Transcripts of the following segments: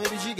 baby she.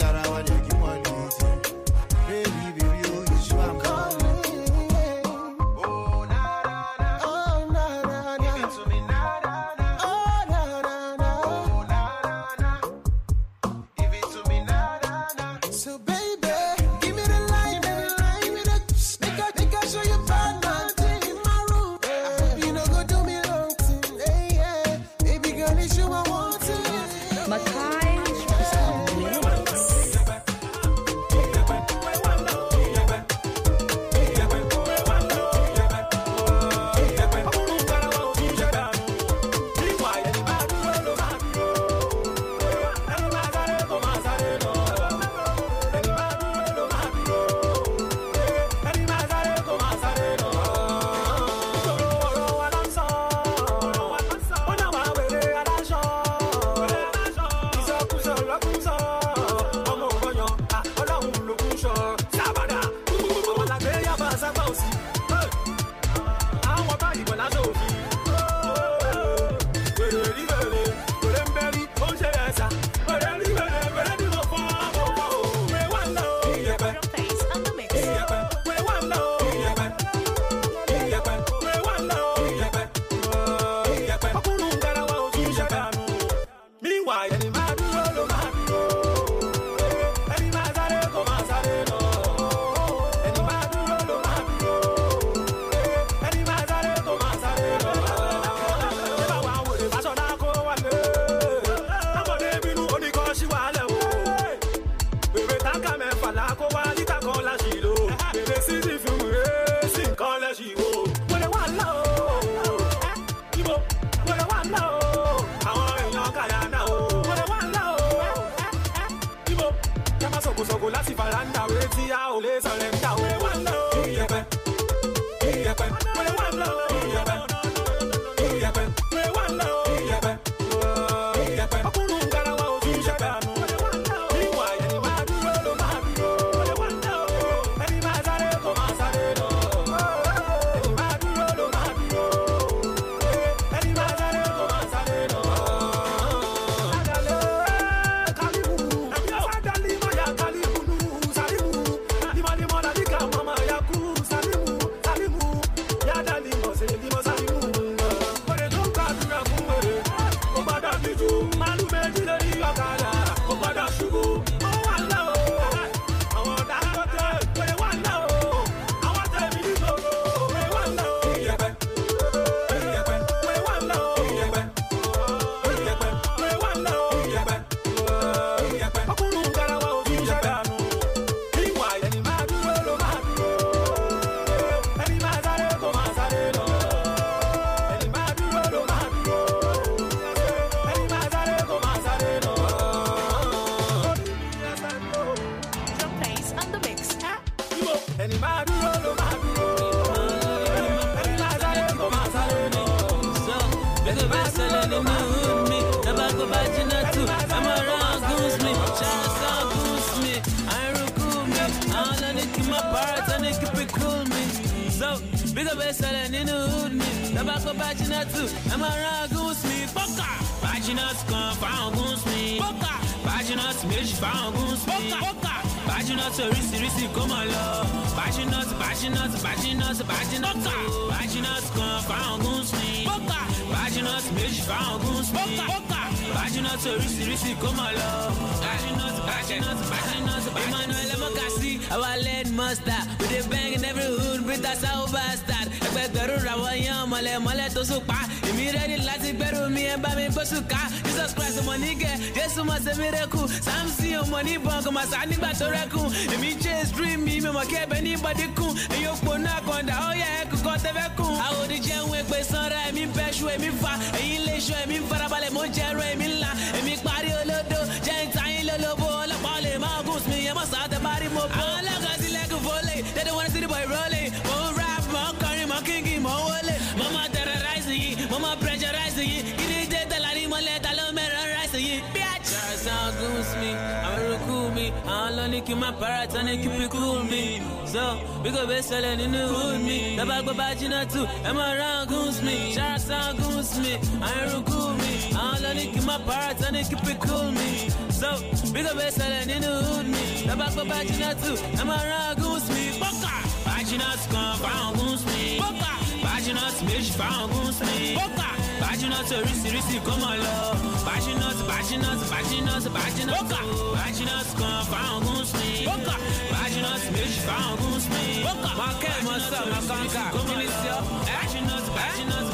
Ficam alguns mim. Páginas, meios de alguns mim. bájínọ́tì oríṣiríṣi kó mọ̀ lọ. bájínọ́tì bájínọ́tì bájínọ́tì bájínọ́tì. bájínọ́tì kan fáwọn ogun sìn. bájínọ́tì méjì fáwọn ogun sìn. bájínọ́tì oríṣiríṣi kó mọ̀ lọ. bájínọ́tì bájínọ́tì bájínọ́tì bájínọ́tì. emmanuel mokasi our lead master With dey bang in every hood with that sound bastard. ẹgbẹgbẹrún ràwọ̀ yan mọ̀lẹ́mọ̀lẹ́ tó sùn pa. èmi rẹ́ni láti gbẹ́rù mi ẹ bá mi gbósùn jesus christ mọ̀ nígẹ̀ jésù mọ̀ sẹ́mi rẹ́kù sáàmùsì ò mọ̀ níbọn kò ẹlẹ́kùn èmi chase dream mi mi mọ̀ kí ẹbẹ̀ níbọ̀dí kùn èyí òpó náà kàn dà ó yẹ ẹkùn kan tẹ́fẹ́ kùn. àwòdì jẹun èpè sanra èmi bẹ́ṣu èmi fa èyí lè ṣọ èmi farabalẹ̀ mo jẹrun èmi ńlá èmi parí olódo jẹ́ ìtayín lólobó ọlọ́pàá olè má gùn sí mi yẹn mọ̀ sáà tẹ bá rí mo jerun emi nla emi pari olodo je itayin lolobo olopaa le ma gun si mi yen mo saa te ba mo bo body kill my parrot and they keep it cool me. So, we go best selling in the hood me. The bag of Bajina too, I'm around goons me. Shots on goons me, I ain't cool me. i of it kill my parrot and they keep it cool me. So, we go best selling in the hood me. The bag of Bajina too, I'm around goons me. Baka! Bajina's come, found goons me. Baka! Bajinot méjì fáwọn gúnsìn. Bọ́kà. Bajinot oríṣiríṣi kó mọ̀ lọ. Bajinot Bajinot Bajinot Bajinot. Bọ́kà. Bajinot kan fáwọn gúnsìn. Bọ́kà. Bajinot méjì fáwọn gúnsìn. Bọ́kà. Mọ kẹ́ mọ sọ mọ kọ́ńkà. Mínísíọ́. Bajinot Bajinot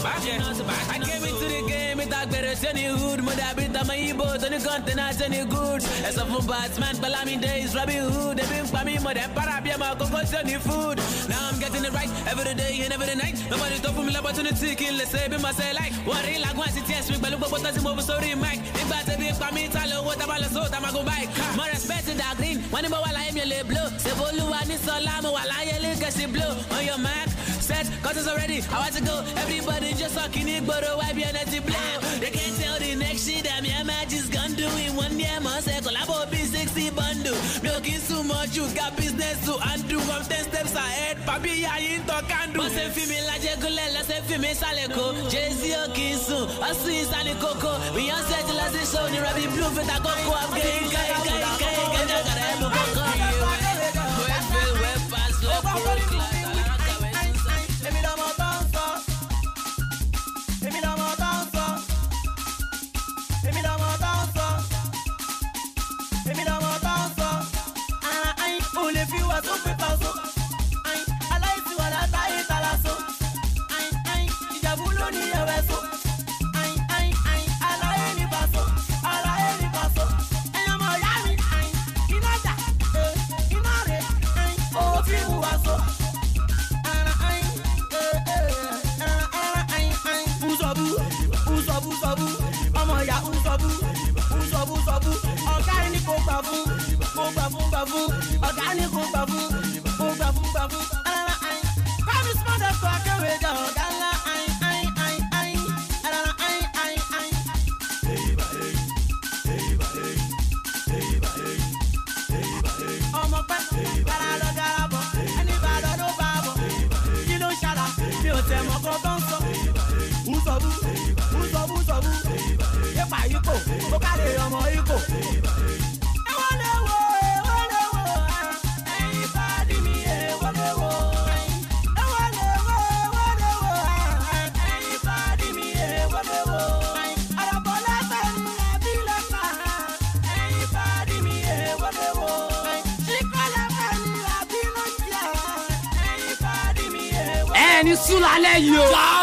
I came into the game ìta gbèrè ṣé ni hood. Mo dàbí tàmí ibo tó ní kọ́ńtínà ṣé ni good. Ẹ̀sọ́ fún Batman Balamide is Robin Hood. Ebi ń pa mí mo dẹ̀ para bí ọmọ kókó ṣé ni food. Now I'm getting it right every day and every night nobody tó fún mi lọ́pọ̀tunitì kí n lè ṣe bí mo ṣe like wọ́n rí làgùn àti tíẹ̀ sinmi pẹ̀lú gbogbo tó ti mo fi sórí mic nígbà tẹ́bi pa mí ta lówó tábà lọ sóò tábà gun bike mo respect da green wọ́n ní mo wà láyé mi ò lè blow ṣèbó olúwa ní sọlá mo wà láyé lè kẹ́sì blow on your mic set, cause it's already I want to go. Everybody just talking it, but I be energy anti They can't tell the next shit that me and my just gonna do in one year, my second. I'm be 60 bundle. Milking too much, you got business to undo. I'm 10 steps ahead, papi, I ain't talk and do. Must have female like Jegule, let's have female Saleko. Jay-Z, I soon. Us is Salikoko. We are set to last show, the rabbit blue, I'm getting, getting, getting, getting, getting, getting, getting, getting, ó káre ọmọ Ìgbò. ẹni sùn lálẹ́ yìí o.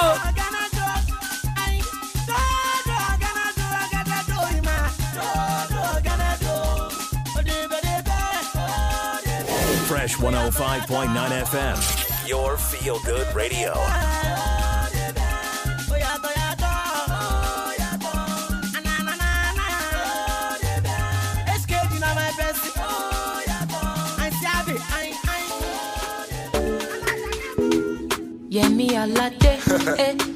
105.9 FM, your feel good radio. Yeah, me a latte.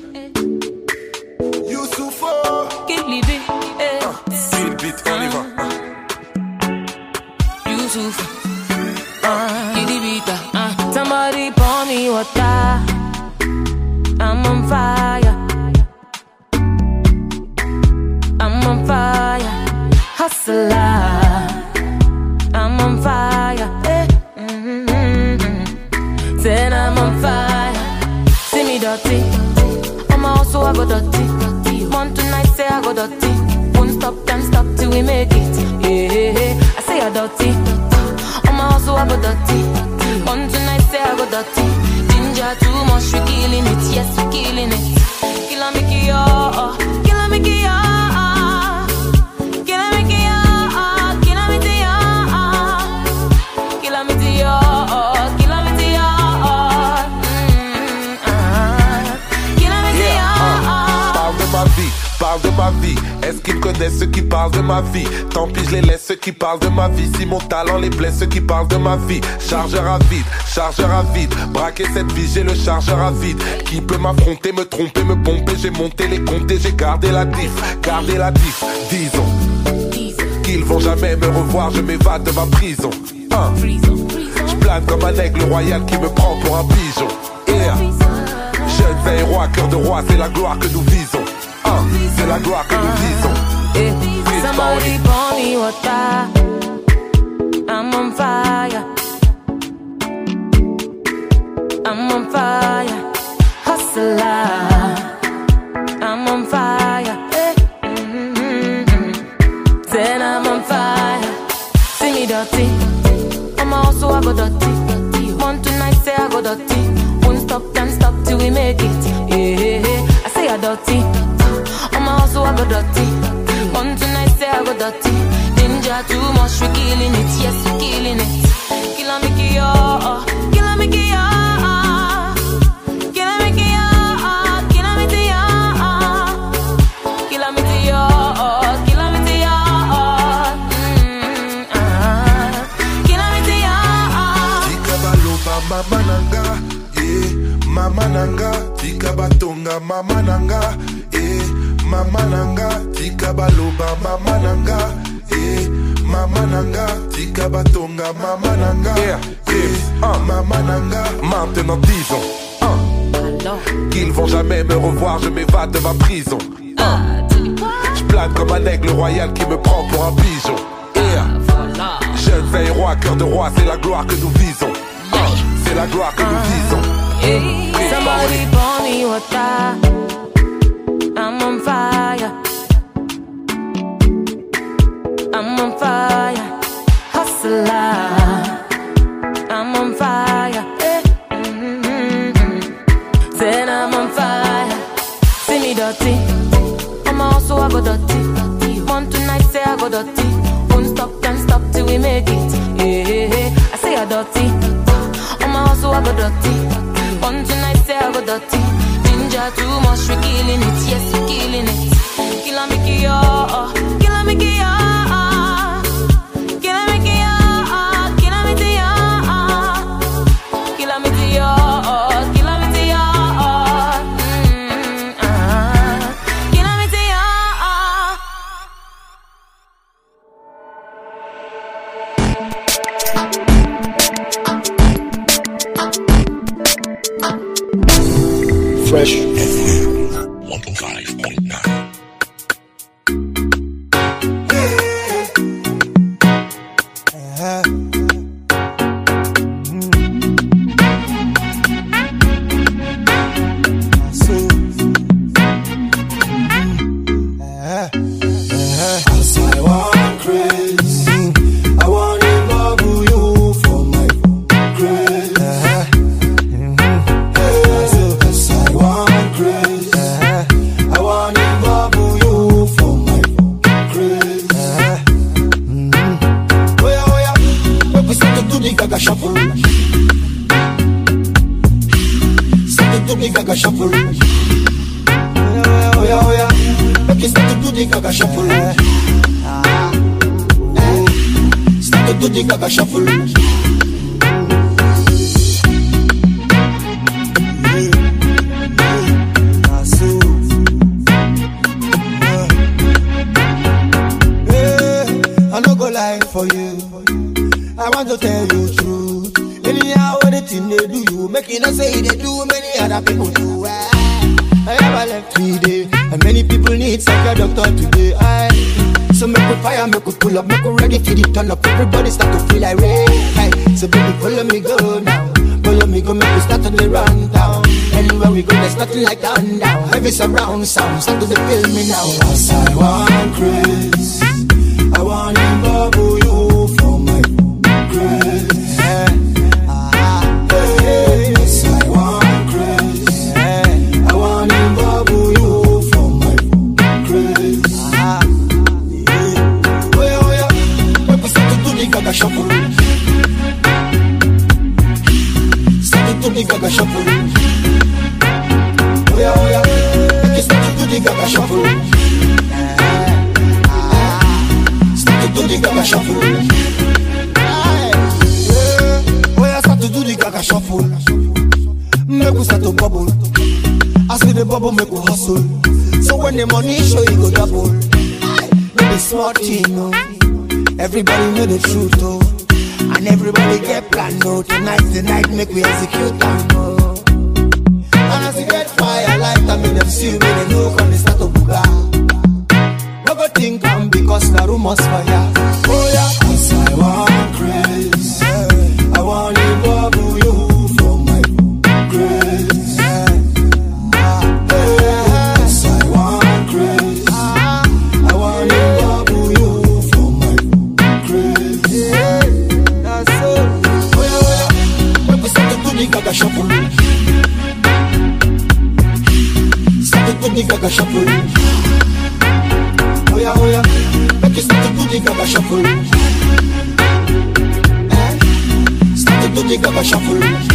parle de ma vie. Chargeur à vide, chargeur à vide. Braquer cette vie, j'ai le chargeur à vide. Qui peut m'affronter, me tromper, me pomper J'ai monté les comptes et j'ai gardé la diff. Gardé la diff, disons. Qu'ils vont jamais me revoir, je m'évade de ma prison. Hein. Je plane comme un aigle royal qui me prend pour un pigeon. Yeah. Jeunes et cœur de roi, c'est la gloire que nous visons. Hein. C'est la gloire que nous visons. on fire. ma prison. je plane comme un aigle royal qui me prend pour un pigeon. Jeune veille roi, cœur de roi, c'est la gloire que nous visons. c'est la gloire que nous visons. melody thing come because the room was fire. Oh yeah, cause I want grace. I want to bubble you for my grace. Cause I want grace. I want to bubble you for my grace. That's so. Oh yeah, oh yeah. When we start to do the gaga shuffle, start to do the gaga shuffle. gaba shuffle. Eh? Start to do the shuffle.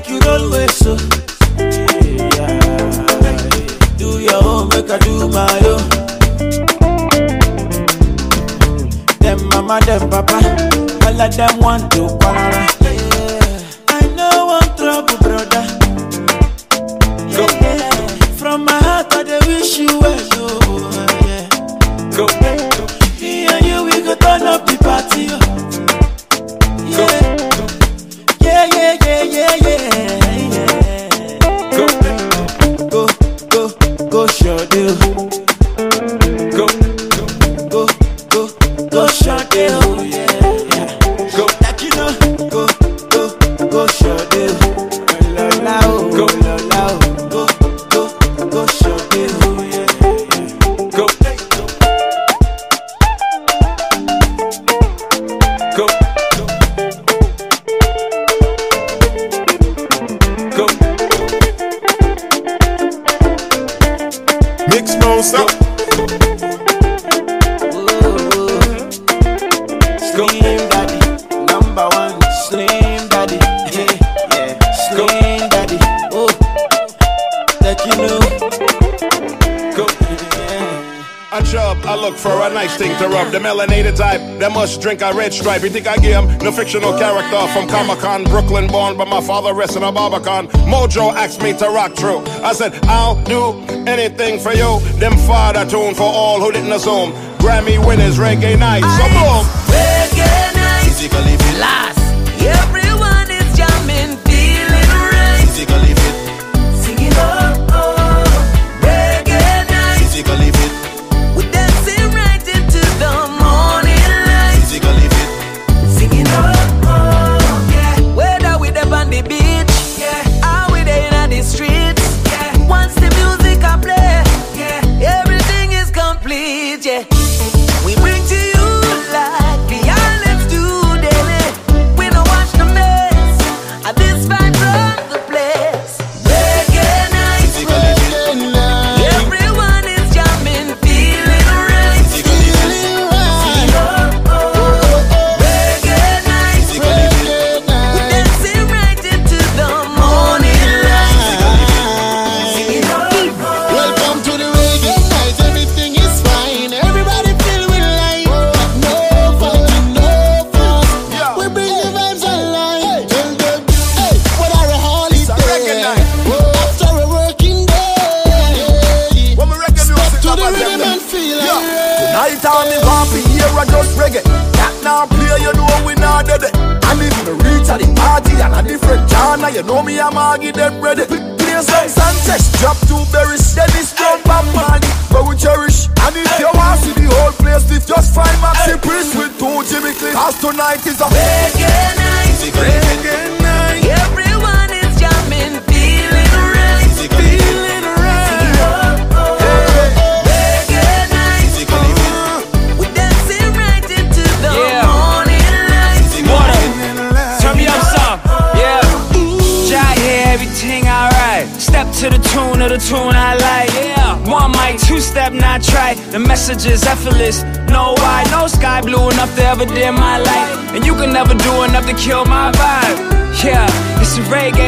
make you roll with so. Do your own, make I do my own. Them mama, them papa, all of them want to para. red stripe. You think I gave him no fictional character from Comic Con, Brooklyn born, but my father rests in a barbican. Mojo asked me to rock true. I said, I'll do anything for you. Them father tune for all who didn't assume. Grammy winners, reggae night. So boom. Reggae night. Physically last?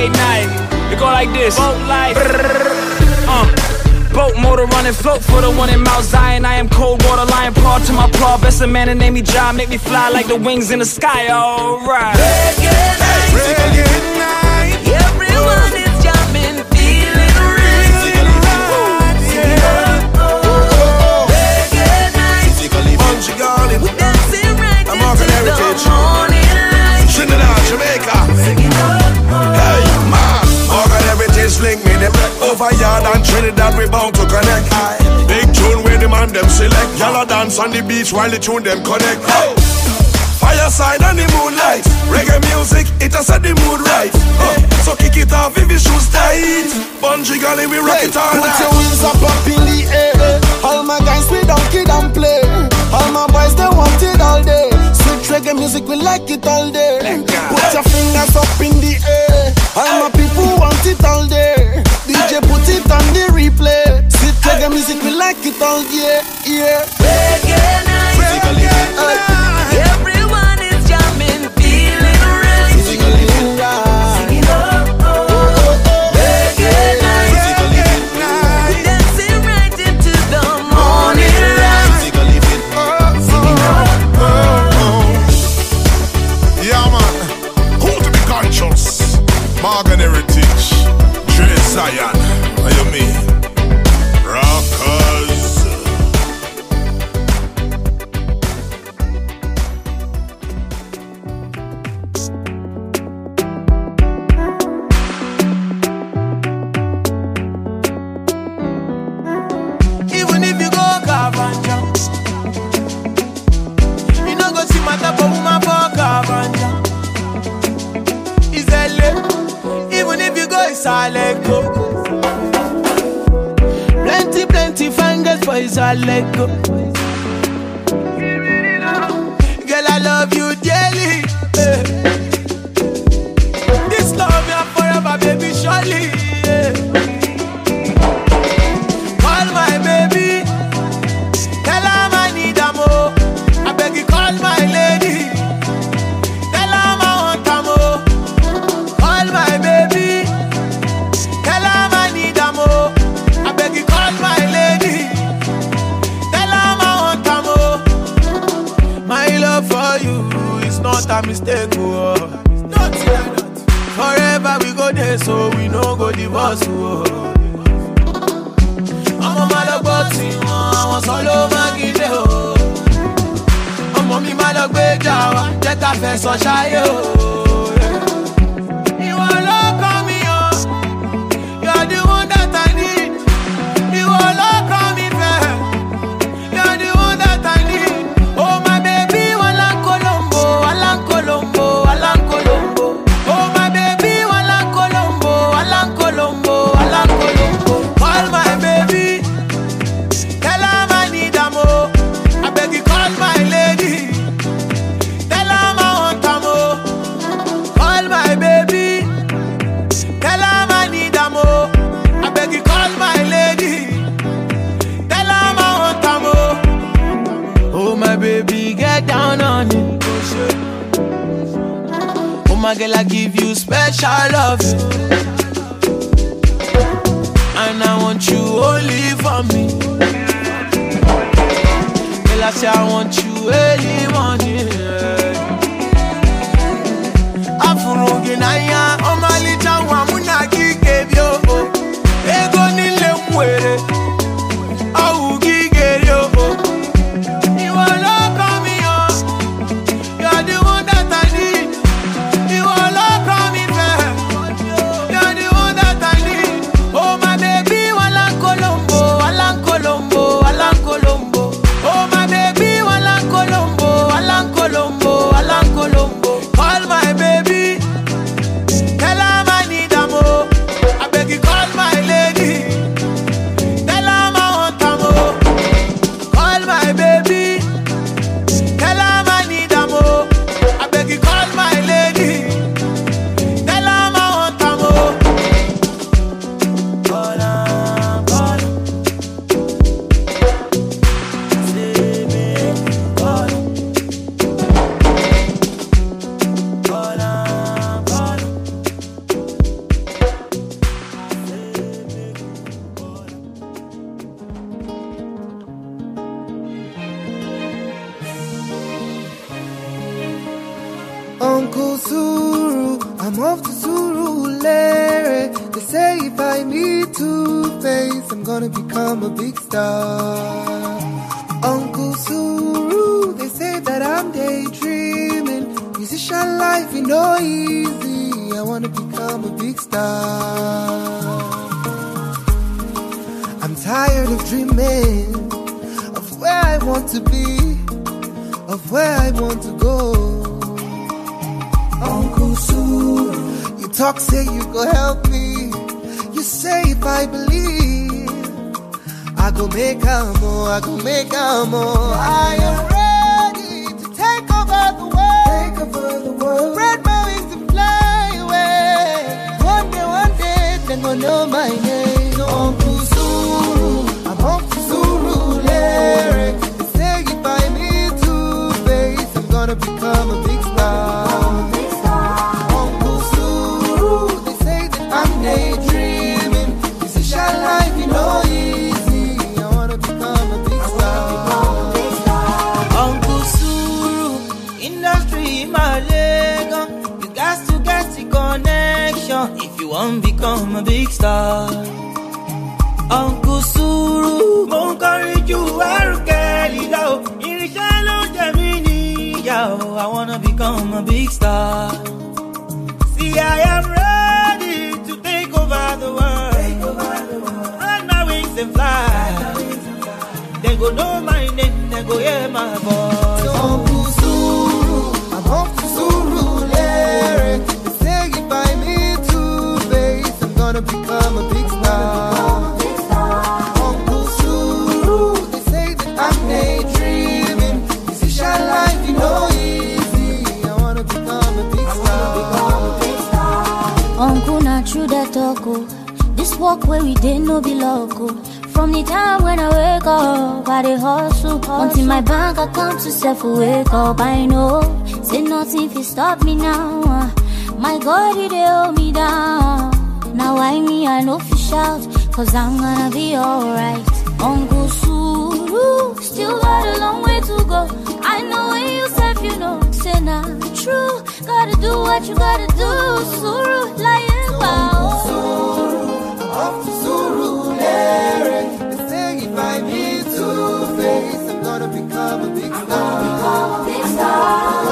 night. It go like this. Boat life. Uh. Boat motor running, float for the one in Mount Zion. I am cold water lion, paw to my paw. Best a man and name me John, make me fly like the wings in the sky. Alright. Reggae, reggae. yard and Trinidad we bound to connect. Aye. Big tune where the man them select. Y'all dance on the beach while the tune them connect. Hey. Fireside and the moonlight. Reggae music, it has set the mood right. Uh, so kick it off if your shoes tight. Bungee gully, we rock hey, it all Put your wings up up in the air. All my guys, we don't kid and play. All my boys, they want it all day. Sweet reggae music, we like it all day. Put your fingers up in the air. All my people want it all day. DJ put it on the replay. Sit reggae music, we like it all, yeah, yeah. Reggae night, reggae night. boys I let go. Girl, I love you dearly. Yeah. This love me forever, baby, surely. so we no go divorce o. ọmọ máa lọ gbọ́ tí wọn àwọn sọ ló Mákindé o. ọmọ mi máa lọ gbé jà wá jẹ́ ká fẹ́ sọ ṣáyé o. And I want you only for me. Girl, I say I want you early morning. Yeah. Cause I'm gonna be alright. Uncle Suru, still got a long way to go. I know when you said you know, say not true. Gotta do what you gotta do, Suru, like about. Suru, up Suru, Larry. Say if I need to face, I'm gonna become a big star. I'm gonna become a big star.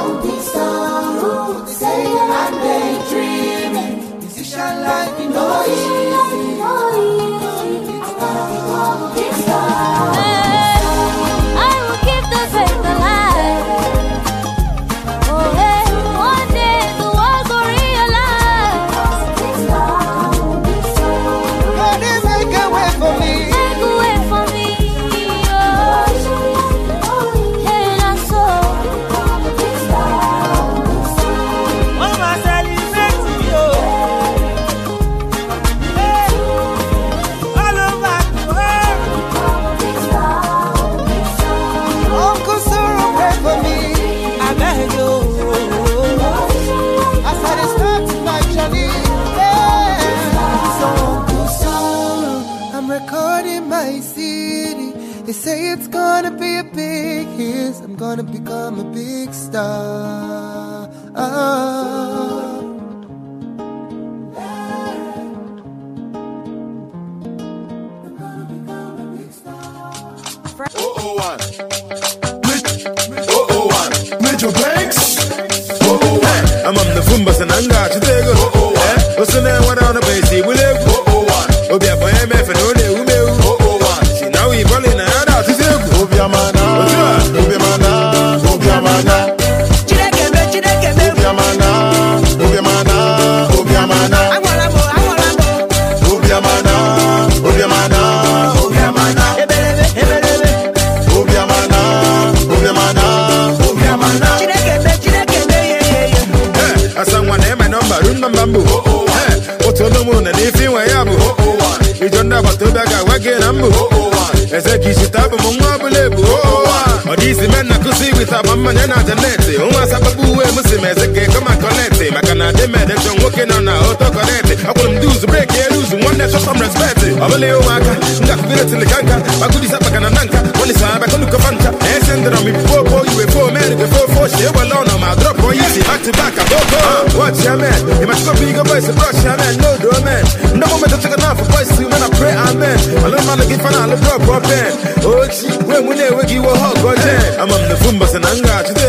Easy man, I could see with and isimena akụzi wita ma mmanya a janeti nwa asababa uwe m si mezeke kama koneti maka na demedeto nwoke nọ na oto koneti akwụrụ m ndị uzu breki elu uzu nwanne shọpam respekti ọbụla ụmụaka ngakụgiretilikanka nka bagudisa maka na na nka wanisa abakonukọfancha esendara m ifufe opo iwefo merigwefe ofe ochie ewele ọnọ ma drọpụ onye isi back to back I go go. watch your man. ya men imachikobigo boys brush your man. man. No No moment to take ndọmọmetachaka n'afọ boys pray amen. Alama na kifana alikuwa kwa pen. Ochi, we mune we giwa hot gojen. Amam na fumba senanga, chita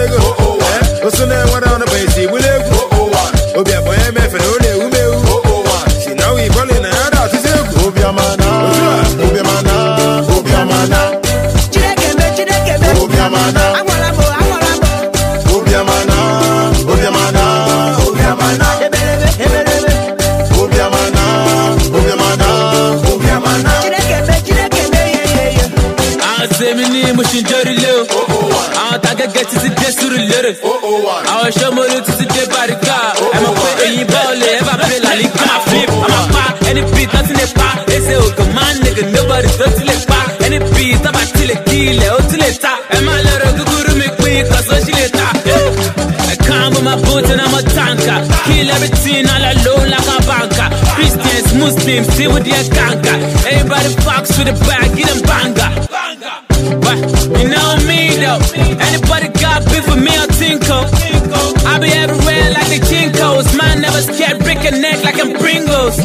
come my nigga, nobody touch till it pop. And it be top I till it kill, oh till it top. And my little guru me quick, cause so she lit up. Ah, I come with my boots and I'm a tanker. Kill everything all alone like a banker. Christians, Muslims, deal with their kanker. Everybody fucks with the bag, get them banger. But you know me though. Anybody got beef with me, I tinkle. I be everywhere like the Kinkos. Man never scared, break a neck like I'm Pringles.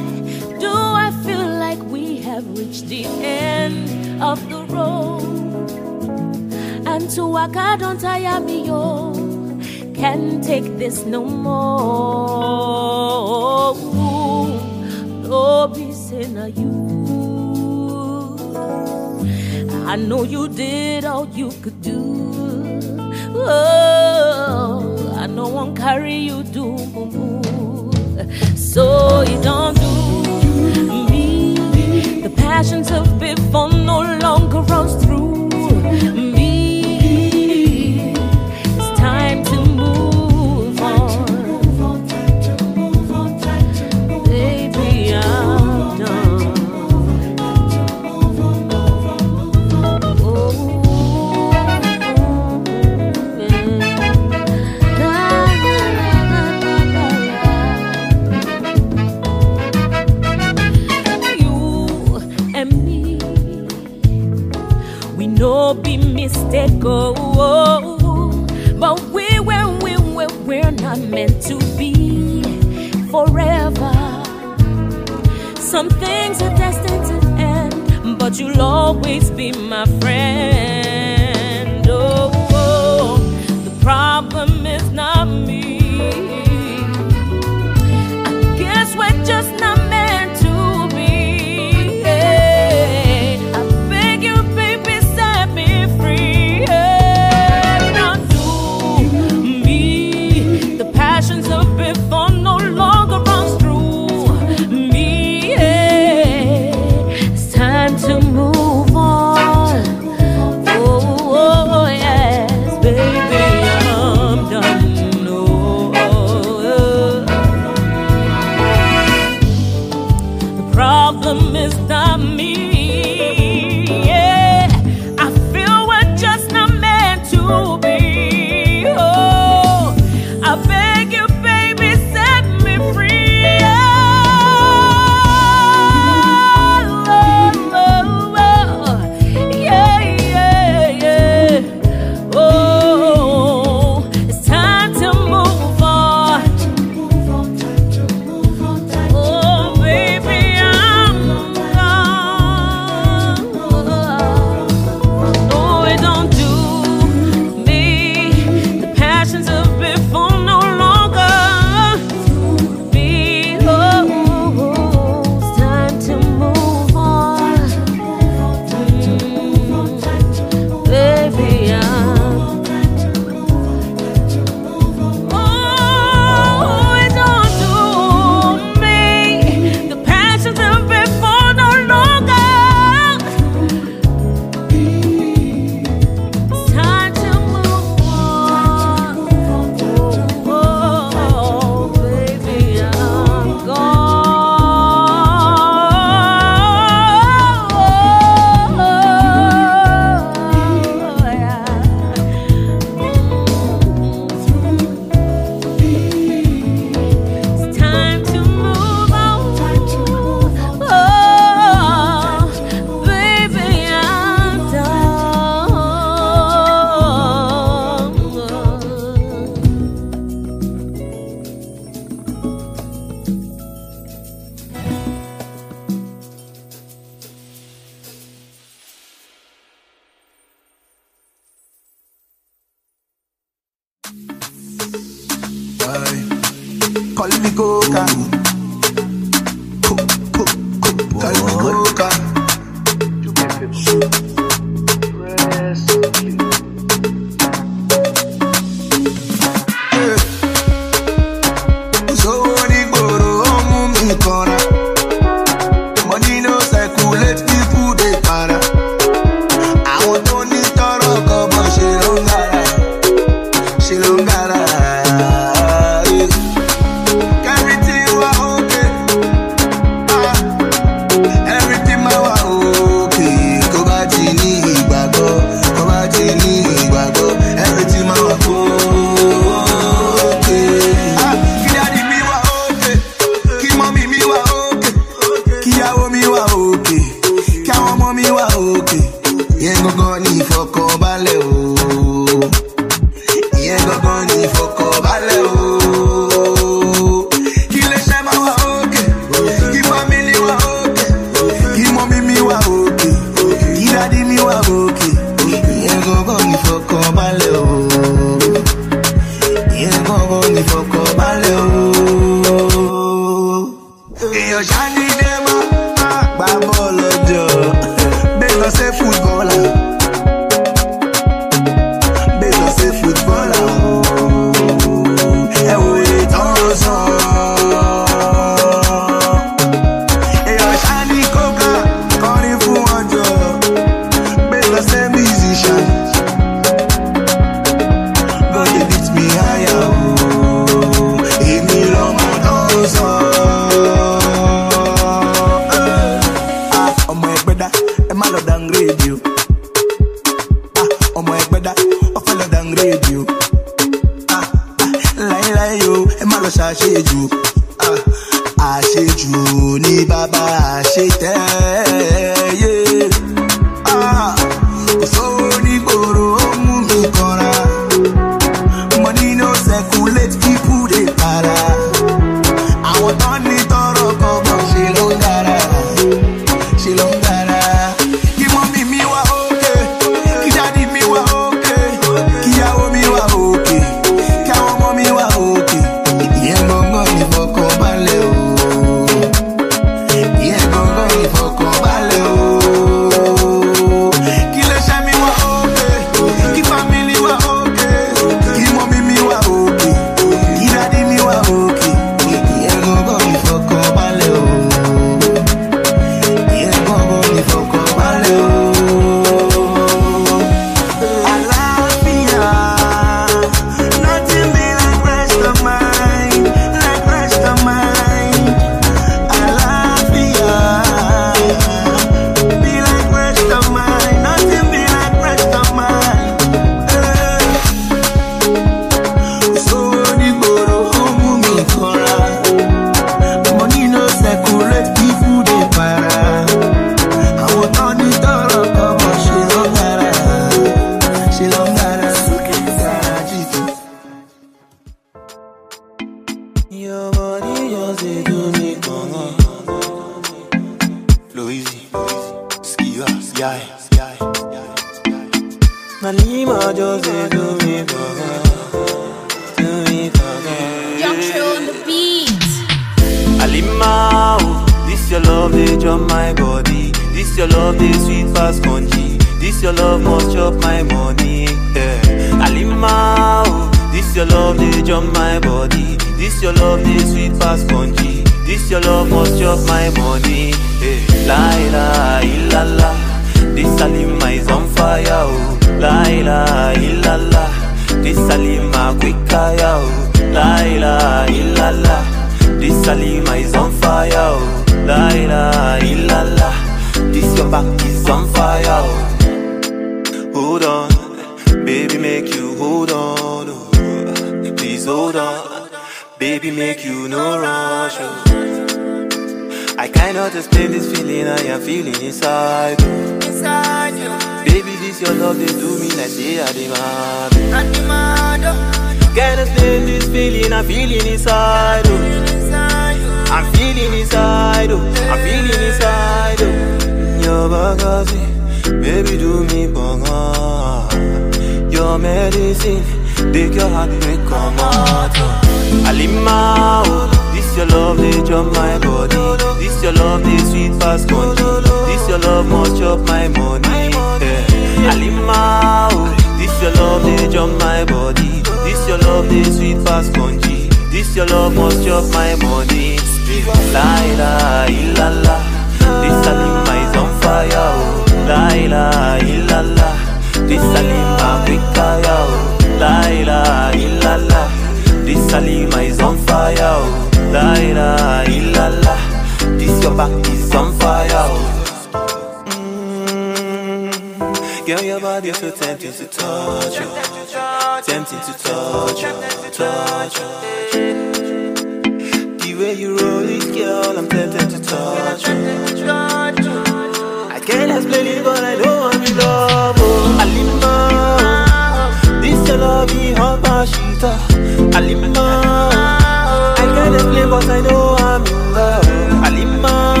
Lolita, Alima. I can't explain, but I know I'm in love, Alima.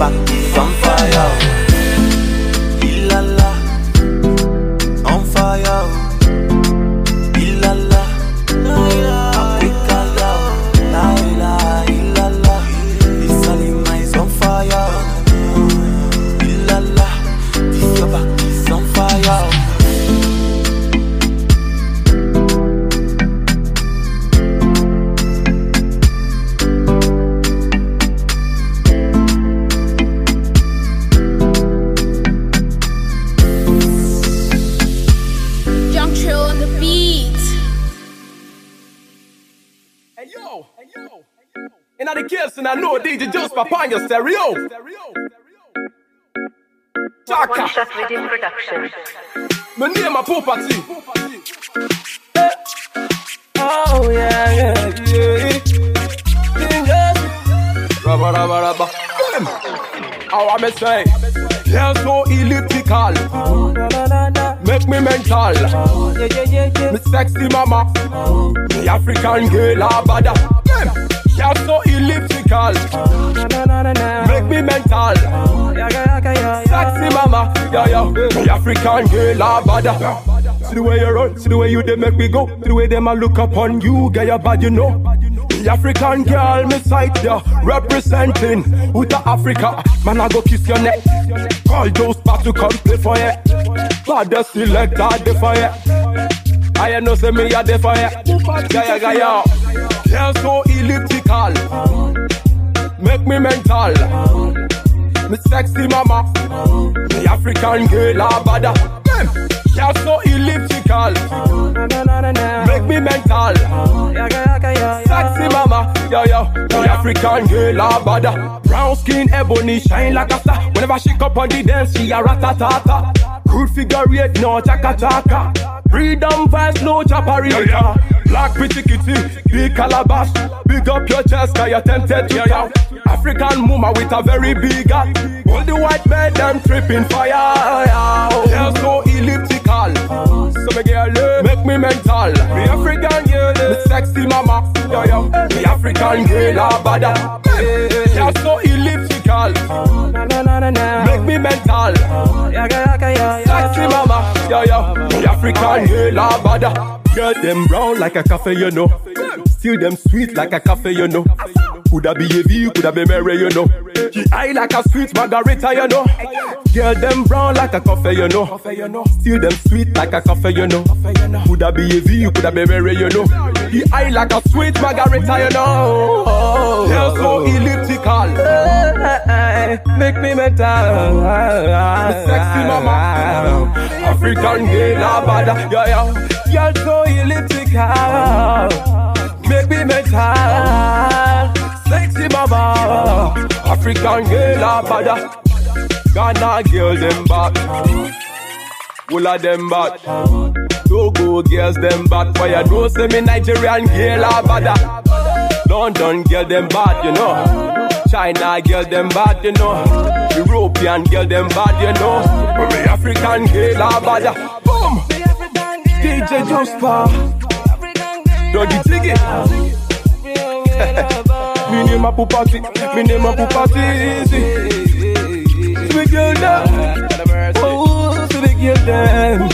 back from fire on your stereo. Chaka. One shot within production. My name is Popati. Eh. Oh yeah, yeah, yeah. Fingers. Rubber, rubber, rubber. How I may say, yeah, so elliptical. Oh, na, na, na, Make me mental. Oh, Me sexy mama. Me African girl, ah, badder. You're so elliptical. Make me mental. Sexy mama, yeah, yeah. The African girl, bada. See the way you run, see the way you they make me go. See the way them a look upon you, get your bad, you know. The African girl, me sight ya, yeah. representing with the Africa. Man, I go kiss your neck. All those parts to come play for ya. Father select, I for ya. I ain't no say me, I defy ya. Gaya, yeah. They're so elliptical. Make me mental. Me sexy mama. The African girl are bada. Them. are so elliptical. Make me mental. Sexy mama. Yo, yo. The African girl are bada. Brown skin, ebony, shine like a star. Whenever she come on the dance, she a ratatata. Good figure eight, no chaka chaka. Freedom vibes, no chaparita. Yeah, yeah. Black pretty kitty, big calabash. Big up your chest, cause you're tempted to African mama with a very big hat. All the white bed, them tripping fire. They're so elliptical. So me girl, make me mental. Me African girl, me sexy mama. The Me African girl, a ah, bada. They're so elliptical call. Na na na na na. Make me mental. Sexy mama, yeah yeah. Me African, hell or bada. Girl, them brown like a cafe, you know. Still them sweet like a cafe, you know. Coulda be a V, coulda be Mary, you know. She eye like a sweet margarita, you know. Girl, them brown like a coffee, you know. Still them sweet like a coffee, you know. Coulda be a V, coulda be Mary, you know. She eye like a sweet margarita, you know. Oh, so elliptical. Make me mental. Sexy mama. African gay, la bada. Yeah, yeah. Girl, so elliptical Make me mental Sexy mama African girl, a bada Ghana girl, them bad, All of them back Togo girls, them back For you know, say me Nigerian girl, a bada London girl, them bad, you know China girl, them bad, you know European girl, them bad, you know But me African girl, a bada Boom! DJ Joestar Doggy Tiggy Me name a Pupati Me name a Pupati Sweet girl dance, Oh, for the girl them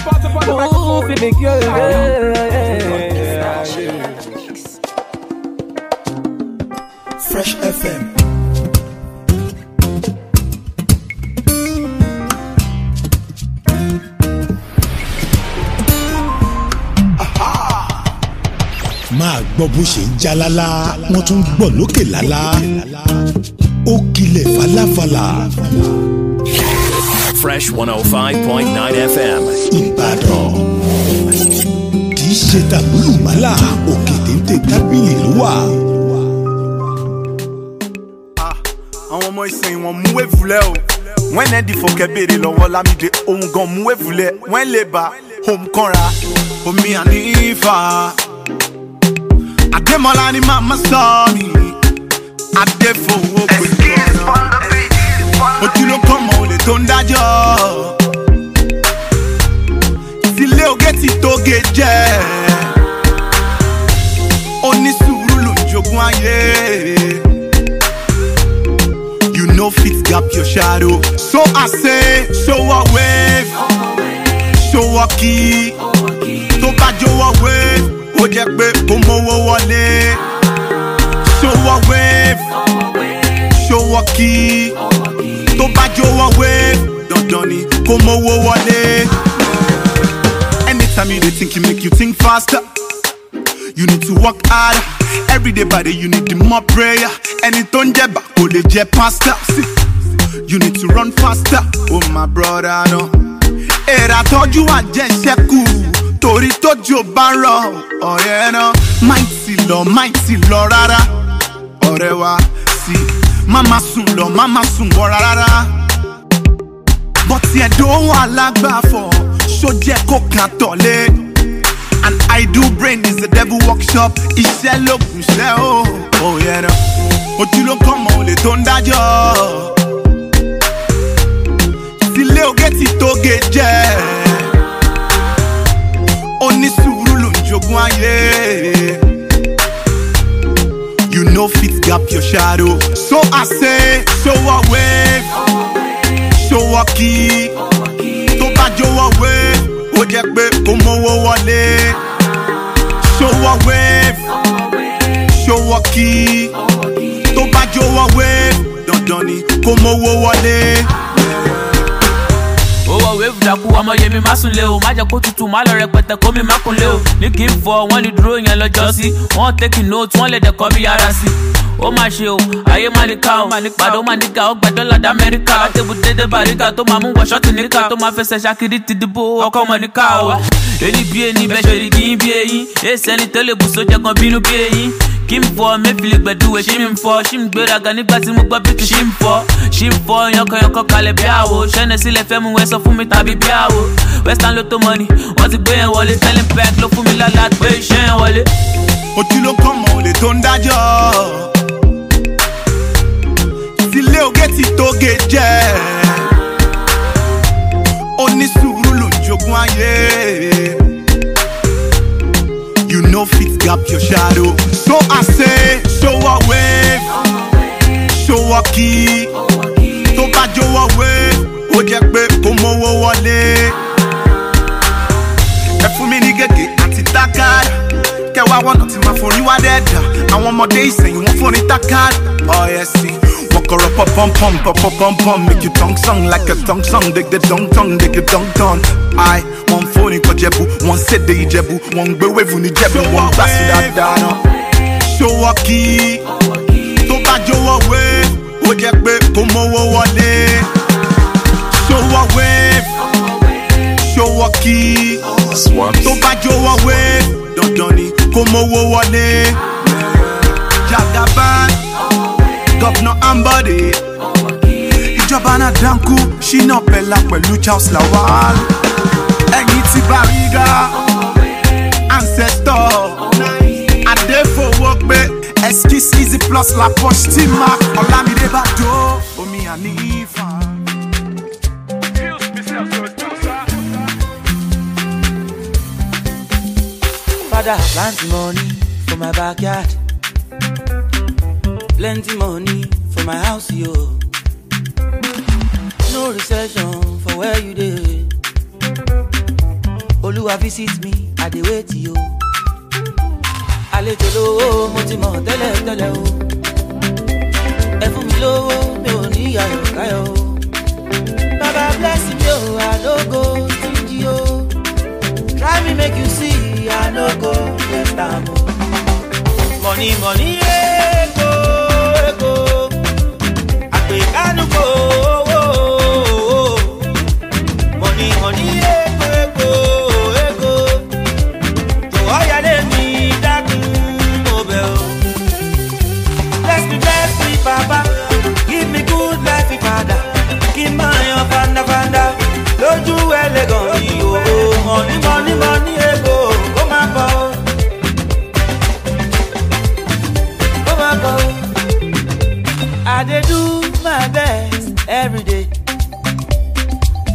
Oh, for the girl them Fresh FM máa gbọ́ bó ṣe ń já lálá wọ́n tún gbọ́ lókè lálá ó kilẹ̀ falafala. Fresh one oh five point nine FM. Ìbàdàn kì í ṣe tàbúlùmọ́lá òkè téńté tábìlì ló wà. Ah, àwọn ọmọ ìsìn wọn mú wévulẹ o wọn ẹnẹdì fọkẹ béèrè lọ́wọ́ lámìdé ohun gan mú wévulẹ wọn lè bá òun kanra omi ànífà ṣé mọ́lá ni màmá sọ mi adé fún owó pẹ̀lú ojú ló kọ́ mọ́ olè tó ń dájọ́ ìdílé oge ti tóge jẹ́ onísùúrù ló ń jogún ayé. You no fit gap your shadow. So I say, show a wave, show a key, tó bá jó a wave. ó jẹ́ pé kò mówó wọlé ṣòwò wave ṣòwò kí tó bá jówó wave dandan ni kò mówó wọlé. Anytime you dey think you make you think faster. You need to work hard. Every day by day you need more prayer. Ẹni tó ń jẹ̀bà kò lè jẹ pasta. You need to run faster. Oh my brother no. Èrà tọ́jú àjẹsẹ́kù. torí tójò bá rọ̀ ọ̀rẹ́ náà máì tì lọ máì tì lọ rárá ọ̀rẹ́ wa sí má má sùn lọ má má sùn wọ rárá. bọ́tí ẹ̀dọ́ wà lágbàfọ̀ sójẹ́ kó tọ̀lé and I do brain is a devil workshop iṣẹ́ ló kù ṣẹ́ o ọ̀rẹ́ náà ojú ló kọ́ mọ̀ olè tó ń dájọ́ sílé oge ti tóge jẹ́. jogun ayé. You know fit gap your shadow. So I say, show a wave, show a key. Tó bá jọ̀wọ́ wave, ó jẹ́ pé kò mọ́wọ́ wọlé. Show a wave, show a key. Tó bá jọ̀wọ́ wave, don doni kò mọ́wọ́ wọlé. Ah. owó òwe fìdàkú ọmọ yẹmi má sùn lé o má jẹ kó tutù má lọ rẹpẹtẹ kó mi má kun lé o ní kí n fọ wọn lè dúró yẹn lọ́jọ́ sí wọn tẹkì nóòtù wọn lè dẹkọ bí ara sí ó máa ṣe o ayé máa ní ká o pàdó máa ní ká o gbẹdọ ládàá Amẹ́ríkà látẹ̀bù dédé bàríkà tó máa mú wọṣọ́ tì níkà tó máa fẹsẹ̀ ṣakiri ti dìbò ọkọ mọ̀ ní ká o. èyí bí eyín bẹ́ẹ̀ ṣe rí kí n bí eyín èsì ẹni tó lè bù sójà kan bínú bí kí n fọ mẹ́fìlì gbẹ̀dú wẹ̀ ṣí mi fọ ṣí mi gbéraga nígbà tí mo gbọ́ bí kì í ṣí mi fọ ṣí mi fọ yankanyankan kalẹ̀ bí àwo ṣẹ́nẹ̀ sílẹ̀ fẹ́ mu wẹ́ fún mi tàbí bí àwo western lotto money wọ́n ti gbé yẹn wọlé selling pack ló fún mi lálá gbé iṣẹ́ yẹn wọlé. ojú ló kàn mọ́ olè tó ń dájọ́ sílé oge ti tóge jẹ́ onísùúrù lòjogún ayé no fit gap your shadow. So I say, show a wave, show a key. Tó bá jó wá wave, ó jẹ́ pé kò mówó wọlé. Ẹ fún mi ní gègé àti tákàdá. I want to my phone. You are dead. more days, and you forí wá dẹ́ẹ̀dà àwọn ọmọdé Oh yeah, see, walk tákàdì up, up, kọ̀rọ̀ pọ̀ pọ́npọ́n pọ̀ pọ́npọ́n make you tongue song like a tongue song tongue. dong dong dege dong dong. ai wọ́n fún ní one wọ́n ṣèdè ìjẹ̀bù wọ́n gbé wéèvù ní jẹ̀bù wọ́n gbà sí dáadáa náà. ṣọwọ́ kí tó bá jọwọ́ wé ó jẹ́ pé kò mówó wọlé. ṣọwọ́ wéèvù ṣọwọ́ kí tó don't don't ni. kó mówó wọlé. jagaban gọ́fìnà ambode ìjọba náà dánkù ṣínà pẹ̀lá pẹ̀lú Charles Lawal ẹ̀yìn ti Bariga ancestor adéfowópé excuse easy plus la poche tí ma Ọlámidé bá jó omi ànífà. father plenty money for my backyard. Plenty money for my house, yo. No recession for where you dey. Oluwa visit me, I dey wait yo. Àlejò lówó mo ti mọ̀ tẹ́lẹ̀ tẹ́lẹ̀ o. Ẹ fún mi lówó mi ò ní ìyàwó káyọ̀ Baba bless me yo, I don't go stingy yo. Try me make you see money, I no go get am. Money, money, ego, ego. Agbe kanuko. Money, money, ego, ego, ego. To oya le mi dagun mo be o. Bless me, bless me, Papa. Give me good life, Father. Give my panda, fanda. Lójú ẹlẹ́gàn mi o. Money, money, money. I dey do my best every day.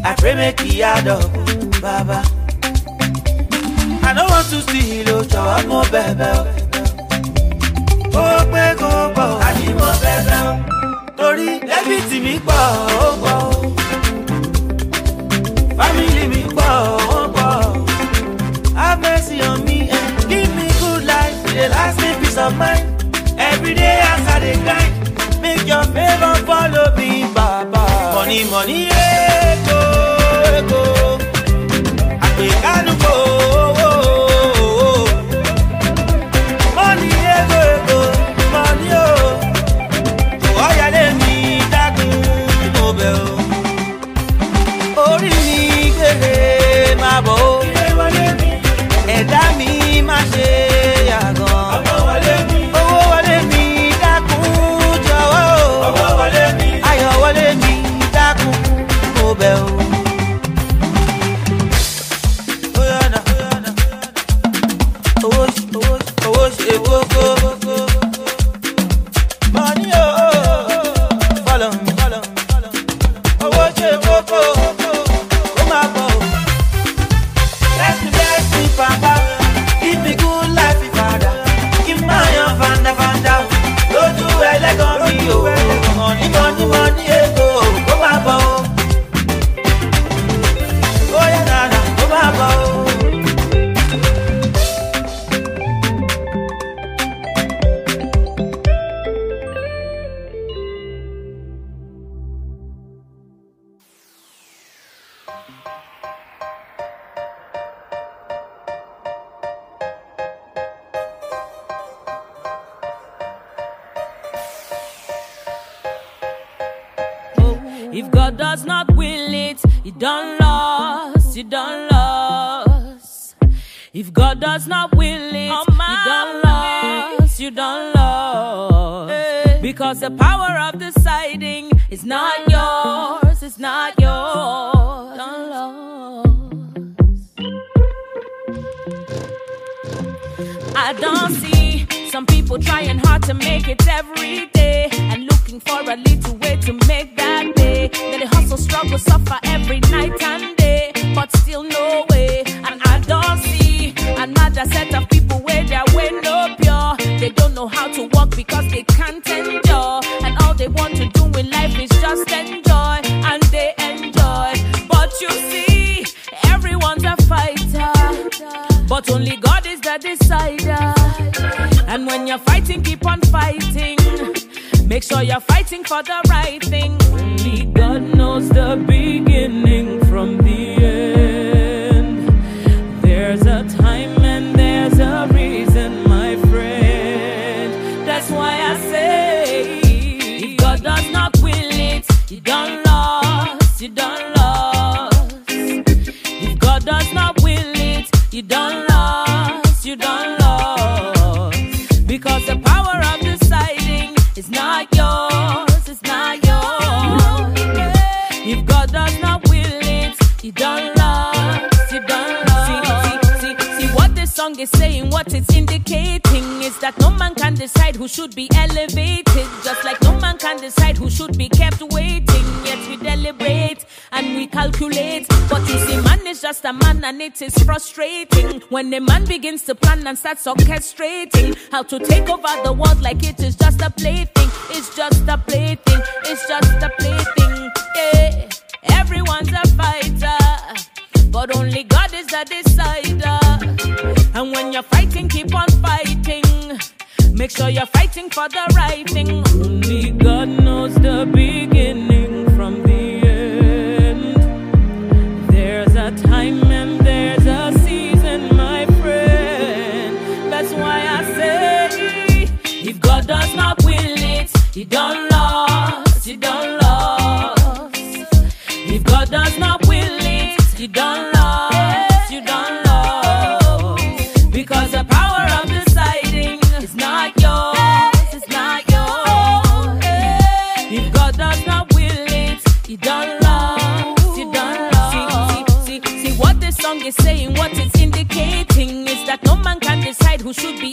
I pray make e add up, Baba. I don't want to see o, jọ̀wọ́ mo bẹ̀bẹ̀ o. Ó pé kó pọ̀, àní mo bẹ̀bẹ̀ o. Torí dẹ́bìtì mi me ó pọ̀ o. Fámìlì mi pọ̀, Have mercy on me and give me good life. Dey last me peace of mind. Every day I your favor follow me, Baba. Money, money, yeah. and orchestrating how to take over the world who should be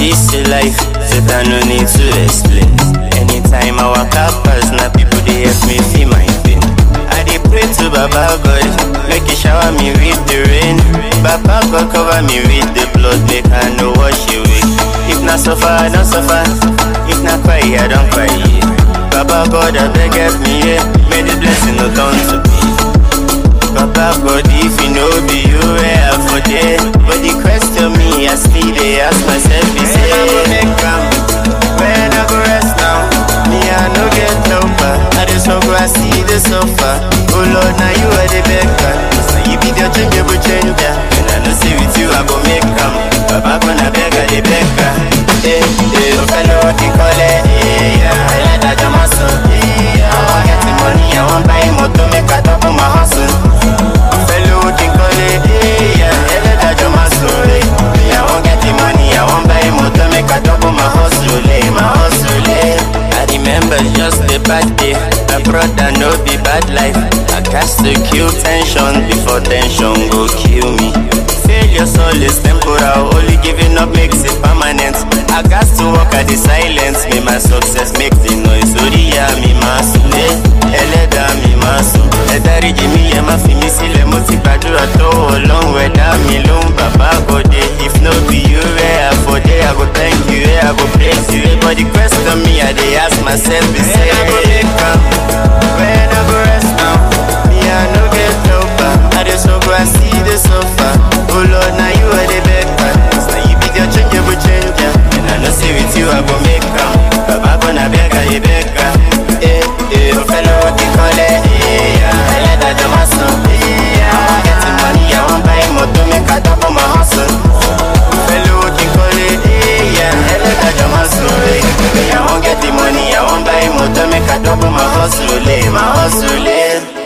This is life, so I no need to explain. Anytime I walk up, as now people they help me feel my pain. I dey pray to Baba God, make He shower me with the rain. Baba God cover me with the blood, make I know what she away. If not suffer, I don't suffer. If not cry, I don't cry. Baba God, I beg help me, yeah. May the blessing no come to Papa, but if you know be you where for there But the question me, I still they ask myself, they say When I go make come, when I go rest now Me, I no get no number I just no go, I see the sofa Oh Lord, now you are the baker So you be the change, but change And I no see with you, I go make come Papa, gonna beg, I the baker hey, eh, fellow, the college, eh, yeah I like that, I'm awesome, eh, yeah I want get the money, I want buy motor, make a Remember just a bad day My brother no be bad life I cast to kill tension Before tension go kill me Failure soul is temporal Only giving up makes it permanent I got to walk at the silence May my success make the noise Oh yeah, me my sunday mi ẹ dá mi bàbá if no be you where I for I go thank you where I go praise you but the question me I ask myself say rest me I no get no I dey struggle I see the suffer oh Lord you you be the change change and I know say with you I go make am baba gonna beg I beg I I'm want to make a top on my hustle. Fellow can hustle. I my hustle. My hustle.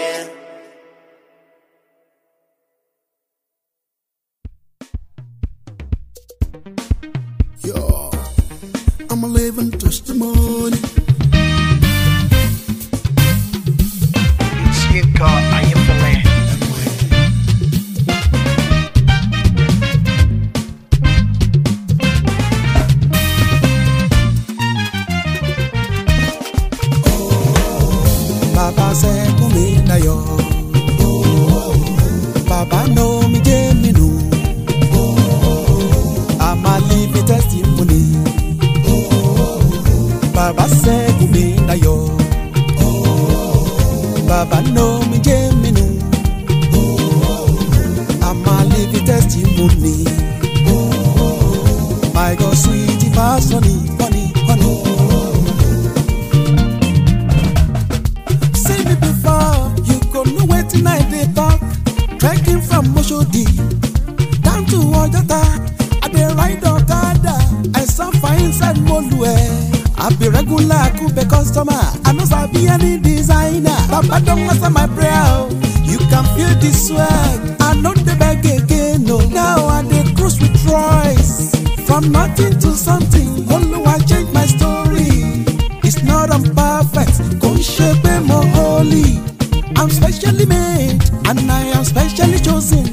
blessing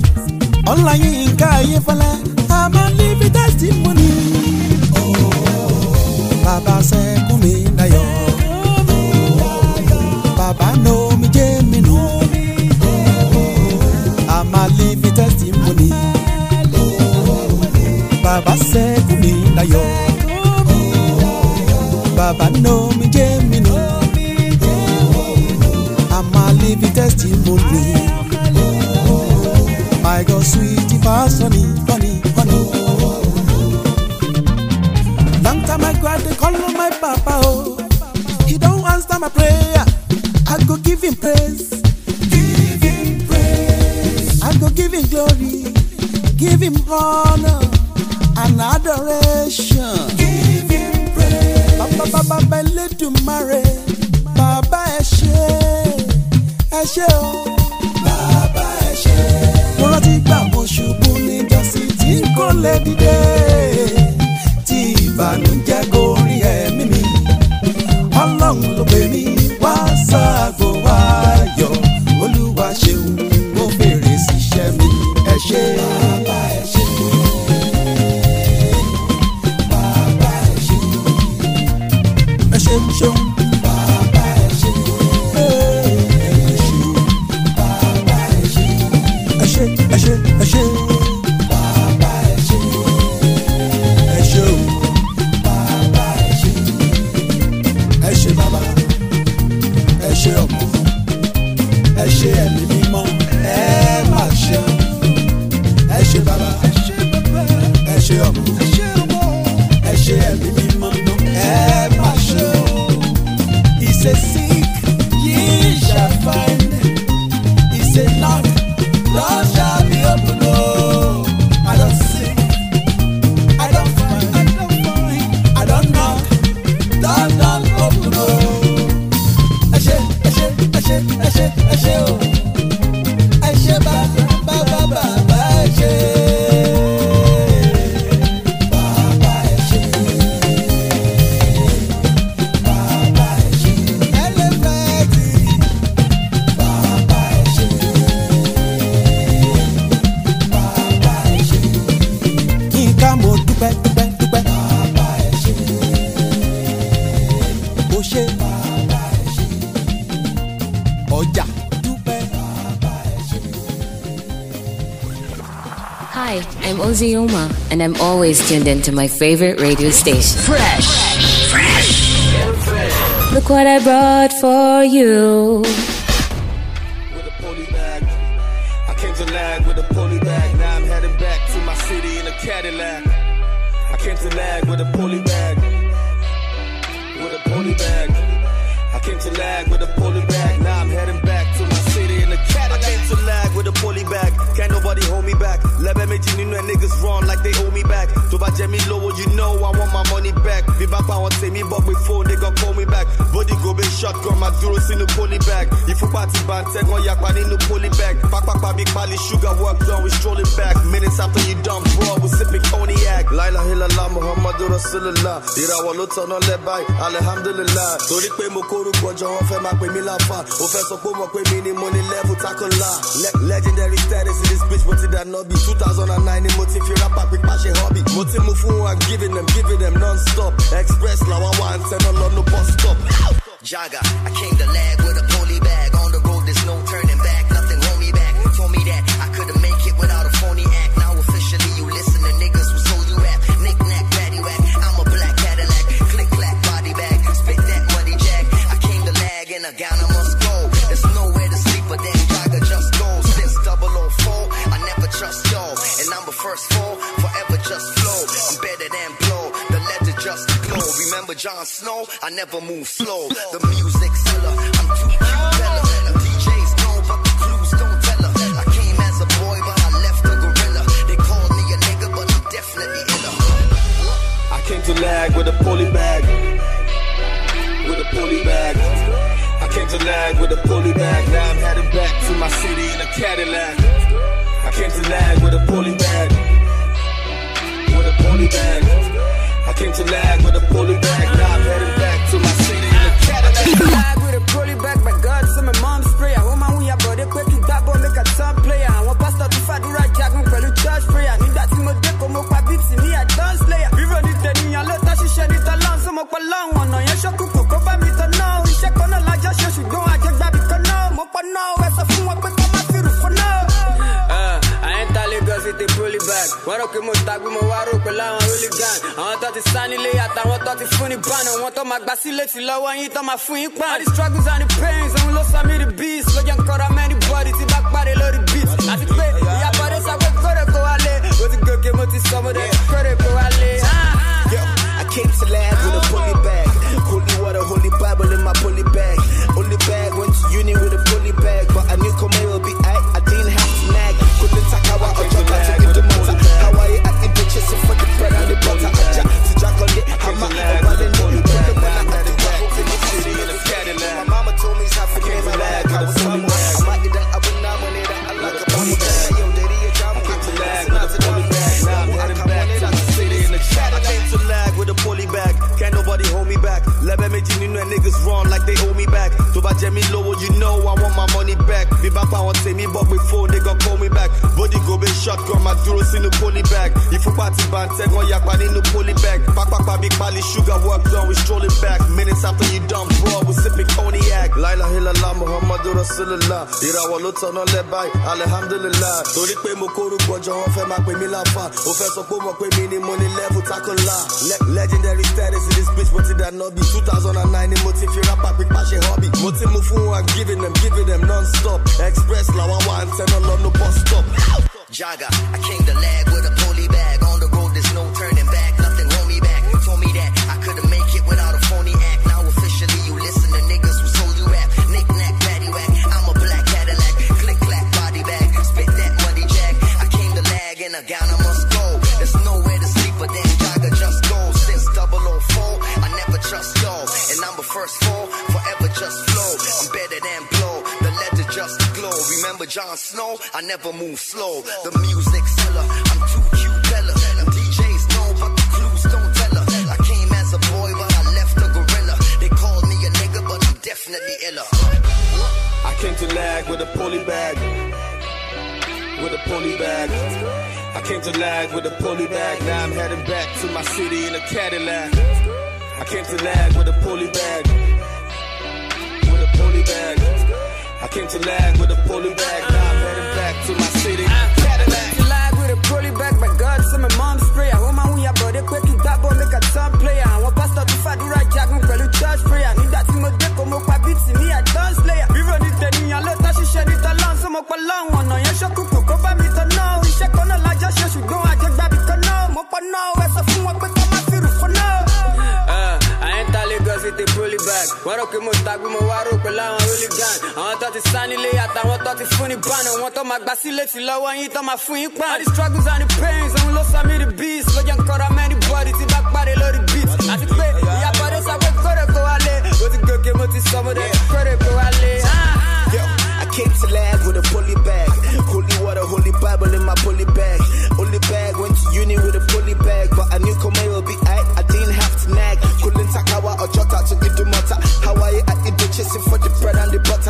ọ̀làyé nǹka ayé fẹlẹ́ tá a máa ní fi testimony. bàbá sẹ́kún mi dayọ̀ bàbá náà. baba sẹ́kù mi dayọ̀ baba no mi jẹ́ mi nù I'm a living testimony your sweetie pass honey, honey, honey. Long time I cried, they call on my papa, oh. He don't answer my prayer. I go give him praise. Give him praise. I go give him glory. Give him honor and adoration. Give him praise. Baba, baba, baba, let you marry. Baba, eshe, ṣé, ẹ let me. always tuned into my favorite radio station. Fresh. Fresh. Fresh. Look what I brought for you. jẹ mí lówó you know I want my money back Be bá pa wọn tèmi bọ́ pé they go Grandma dúró sínú poly bag. Ìfúnpá ti bá ń tẹ́gàn yapa nínú poly bag. Pápápá bí pálí sugar work done we strolling back. Minutes after you dump bro, we sipping cognac. Láìla Hílàlá Muhammadu Rasulillah. Ìràwọ̀ ló tọ̀nà lẹ́bàáyì alihamdulilayi. Torí pé mo kórúkọ jọ wọ́n fẹ́ máa pè mí láfa. Ó fẹ́ sọ pé mo pè mí ní mo ní level takola. Legendary status in this bitch mo ti dà nọ́bì. 2009 ni mo ti fi rapper pípa ṣe hobby. Mo ti mú fún wa giving them giving them non-stop. Express làwọn wà ń tẹ́ná lọ́nu bus stop. Jaga, I came to lag with a Jon Snow, I never move slow. The music killer, I'm too cute, Bella. DJs know, but the clues don't tell her. I came as a boy, but I left a gorilla. They me a but I'm definitely I came to lag with a pulley bag. With a pulley bag. I came to lag with a pulley bag. Now I'm heading back to my city in a Cadillac. I came to lag with a pulley bag. With a pulley bag came to lag with a pulling back. Now I'm heading back to my city in a Cadillac. with a pulling back, my God, so my mom spray. I oh, hope my we are body quick, you that boy make a top player. I want pastor to fight, do right, jack, I'm gonna church prayer. Need that thing, my dick, I'm up, I beat me, I dance player. We run it, then you let us, she shed it along, so I'm up along, one, no, you're shocked. wọ́n rò mo tagbó mo wá rò pé láwọn hooligan àwọn tó ti sá nílé àtàwọn tó ti fún ní bánà tó máa gbà sílé ti lọ́wọ́ yín tó máa fún yín pa. all the struggles and the pains òun ló sọ mí the beast ló jẹ́ nkọ́ra many body ti bá parí lórí beat àti pé ìyá bọ́dé sọ pé kórè kó wá lé mo ti gòkè mo ti sọ mo dé kórè kó wá Yo, I came to land with a bully bag, holy water, holy Bible in my bully bag. Me back power say me, but we phone they got di gobe shot kan ma dúró sínú poly bag ìfúnpá ti bá ń tẹ́gàn yapa nínú poly bag pack big pálí sugar work done we stroll it back minutes after you done broad we sipping cognac laila hilala muhammadu rasulillah ìràwọ̀ ló tọ̀nà lẹ́ báyìí Alhamdulillah. torí pé mo kórú gbọ́njọ wọn fẹ́ máa pè mí láfa ó fẹ́ sọ pé mo pè mí ní money level takola legendary status in this bitch mo ti dáná bí two thousand and nine ni mo ti fi rápá pípa ṣe hobby mo ti mú fún giving them giving them non-stop express làwa wà send tẹná lọ no bus stop. Jaga, I came to lag with Jon Snow, I never move slow. The music's killer, I'm too cute, Bella. Them DJs know, but the clues don't tell her. I came as a boy, but I left a gorilla. They called me a nigga, but I'm definitely iller. I came to lag with a pulley bag. With a pulley bag. I came to lag with a pulley bag. Now I'm heading back to my city in a Cadillac. I came to lag with a pulley bag. With a pulley bag. I came to lag with a pulling back. Now I'm heading back to my city. Cadillac. Lag with a pulling back. My God, some my mom's prayer. Who my who ya body quick and that boy make a top player. One pastor to fight the right jack. Me pelu church prayer. Need that team of dick. Come up me a dance player. We run it then in your letter. She shed it along. Some up along. One on your shock. Cook over me to know. We check on the larger. She should go. I take baby to know. Mop on now. Where's a phone? What wọ́n rò pé mo ta gbọ́mọ wá rò pẹ̀lú àwọn tó ti sá nílé àtàwọn tó ti fún ní wọn tó máa gbà sílé ti lọ́wọ́ yín tó máa fún yín pa. all the struggles and the pains òun ló sọ mí the beast ló jẹ́ nkọ́ra mẹ́rin bọ́ọ̀dì tí bá pàdé lórí beat àti pé ìyá bọ́dé sọ pé kórè kó wá lé mo ti gòkè mo ti sọ mo dé kórè kó wá I came to lag with a pulley bag. Holy water, holy Bible in my pulley bag. Holy bag, went to uni with a pulley bag. But I knew Komei will be aight, I didn't have to nag. Couldn't take our or jot out to give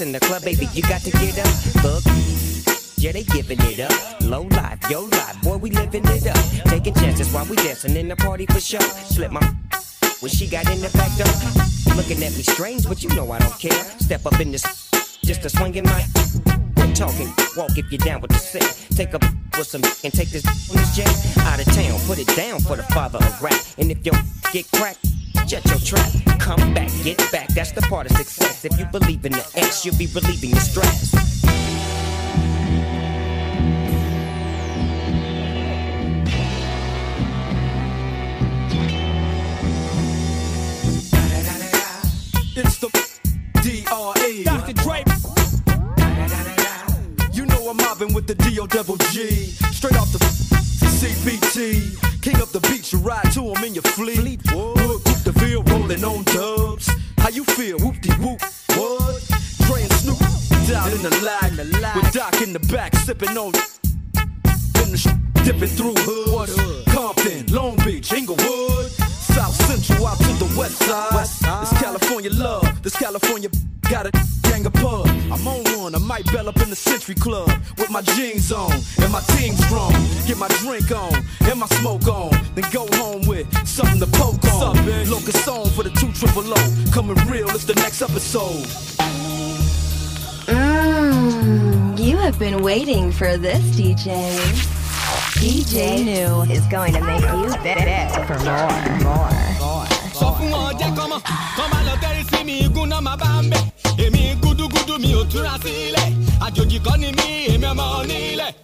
in the club, baby, you got to get up. Look. Yeah, they giving it up. Low life, yo life, boy, we living it up. Taking chances while we dancing in the party for sure. Slip my when she got in the back door. Looking at me strange, but you know I don't care. Step up in this just a my. I'm talking. Walk if you're down with the set. Take a with some and take this on this jet out of town. Put it down for the father of rap. And if your get cracked Jet your trap, come back, get back. That's the part of success. If you believe in the X, you'll be relieving the stress. It's the DRE. Dr. Dre. You know I'm mobbing with the DO double G. Straight off the CBT. King up the beach, you ride to him in your fleet you feel? Whoop de whoop. What? Dre and Snoop. Down in the lag. With Doc in the back, sipping on. In the sh- dipping through hoods. Compton, Long Beach, Inglewood. South Central out to the west side. west side. This California love, this California got a gang of pub. I'm on one, I might bell up in the Century Club with my jeans on and my team strong. Get my drink on and my smoke on, then go home with something to poke on. Locust on for the triple O. Coming real, it's the next episode. Mmm, you have been waiting for this, DJ. DJ New is going to make you beg for more. more. more. fún wọn jẹ́ kọ́mọ́ kọ́mọ́ lọ tẹ́rí sí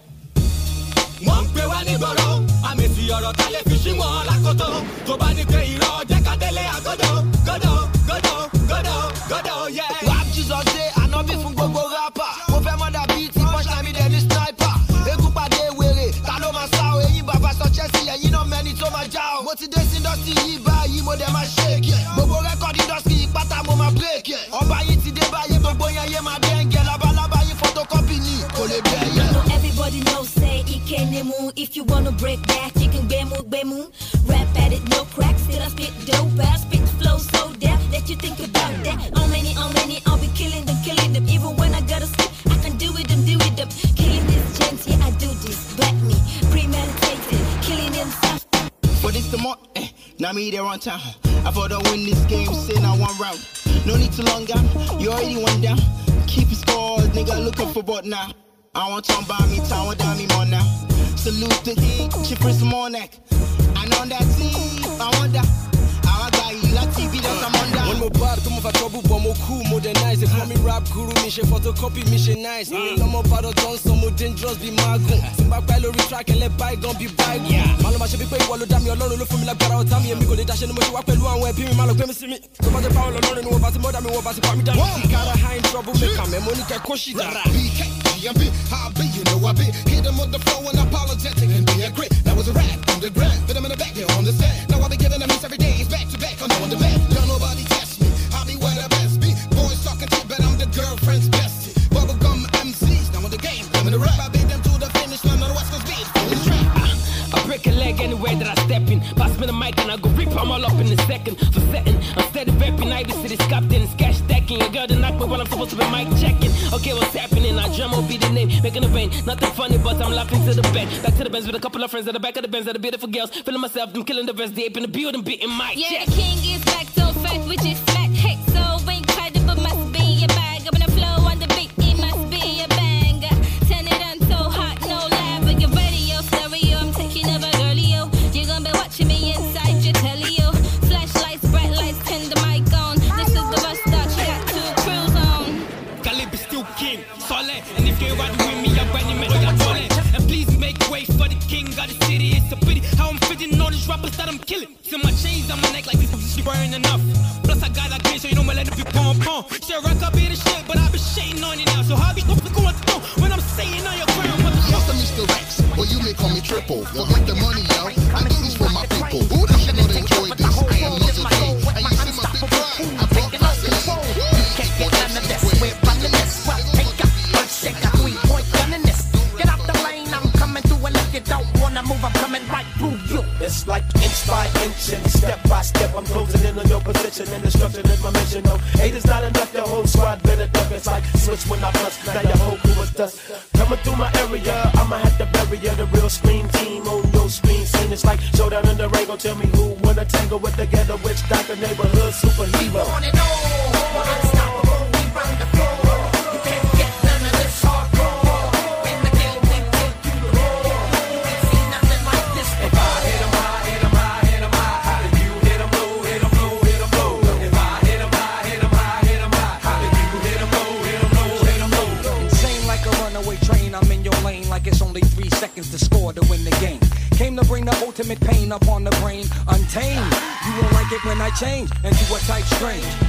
wọ́n ń gbé wá nígboro àmì fi ọ̀rọ̀ táyé fi ṣí wọn lákòótó tó bá ní pé irọ́ jẹ́ ká délé àgọ́dọ̀ gọ́dọ̀ gọ́dọ̀ gọ́dọ̀ gọ́dọ̀ yẹ. rap jesus ṣe ànábì fún gbogbo rápà mo fẹ́ mọ́ dàbí ti punchline mi dẹ̀ ní sniper egun pàdé wèrè ta ló máa sá o eyín bàbá sọ chelsea ẹ̀yìn náà mẹ́ni tó máa já o. mo ti dé sí industry yìí báyìí mo dẹ̀ máa ṣe é gbogbo rẹ́kọ̀dì industry pátá mo máa break ẹ̀ ọba yìí ti dé báyé gbogbo yẹn moon. If you wanna break back, you can bend move, bend move. Rap at it, no cracks. Still I spit dope, I spit flow so deaf that you think about that. On many, on many, I'll be killing them, killing them. Even when I gotta sleep, I can do it, them, do it, them. Killing this gents, yeah I do this. but me, premeditated, killing them soft. But it's the mo, eh, now me there on time. I thought I'd win this game, sin on one round. No need to long gun, you already went down. Keep your scores, nigga, looking for what now? I want to buy me, tower down me more now. Salute to E, Chifris Monak. And on that T, I wonder. Mwen mwen bad kon mwen va trouble Bon mwen cool, modernize E kon mi rap guru Mi photocopy, mi ṣe nice mm. No more mwen bad ọ̀tọ̀ Sọ more dangerous be magun Tí n bá pẹ́ and let Ẹlẹ́ bygone be bygone Má lọ ma ṣe bí pé ìwọ ló dá mi Ọlọ́run ló fún mi lágbára ọ̀tá mi Èmi kò lè dáṣẹ́ ni mo ṣe wá pẹ̀lú àwọn ẹbí mi malo lọ gbé mi sí mi Tó bá ti pa wọn lọ lọ́rin Ni wọ́n bá ti mọ́dà mi Wọ́n bá ti high in trouble maker Mẹ́mọ́ ní kẹ́ kó ṣì dára I'm big, how I be, you know I be. Hit him on the flow and apologetic and be a grit. That was a rap on the ground, but i in the back here on the set. Now I be giving them hits every day, it's back to back, I'm on the back. Now nobody catch me, I be where the best be. Boys talking shit, but I'm the girlfriend's bestie. Bubblegum MCs, now in the game, I'm in the rap. I beat them to the finish line, now the West Coast beat, the track. I break a leg anywhere that I step in. Pass me the mic and I go rip, i all up in a second. For setting, I'm steady repping, I be city, scoped in, sketch stacking. Your girl to knock me while I'm supposed to be mic checking. Okay, what's happening? I drum will be the name, making a rain. Nothing funny, but I'm laughing to the bed. Back to the bench with a couple of friends at the back of the bench at the beautiful girls. Feeling myself, I'm killing the rest, they ape in the building, beating my Yeah, chest. the king is back, so fast, which is pom pom. Said rock up be the shit, but I shitting on you now. So how be going through when I'm sitting on your ground? Mr. Rex, well you may call me triple. Well, the money. strange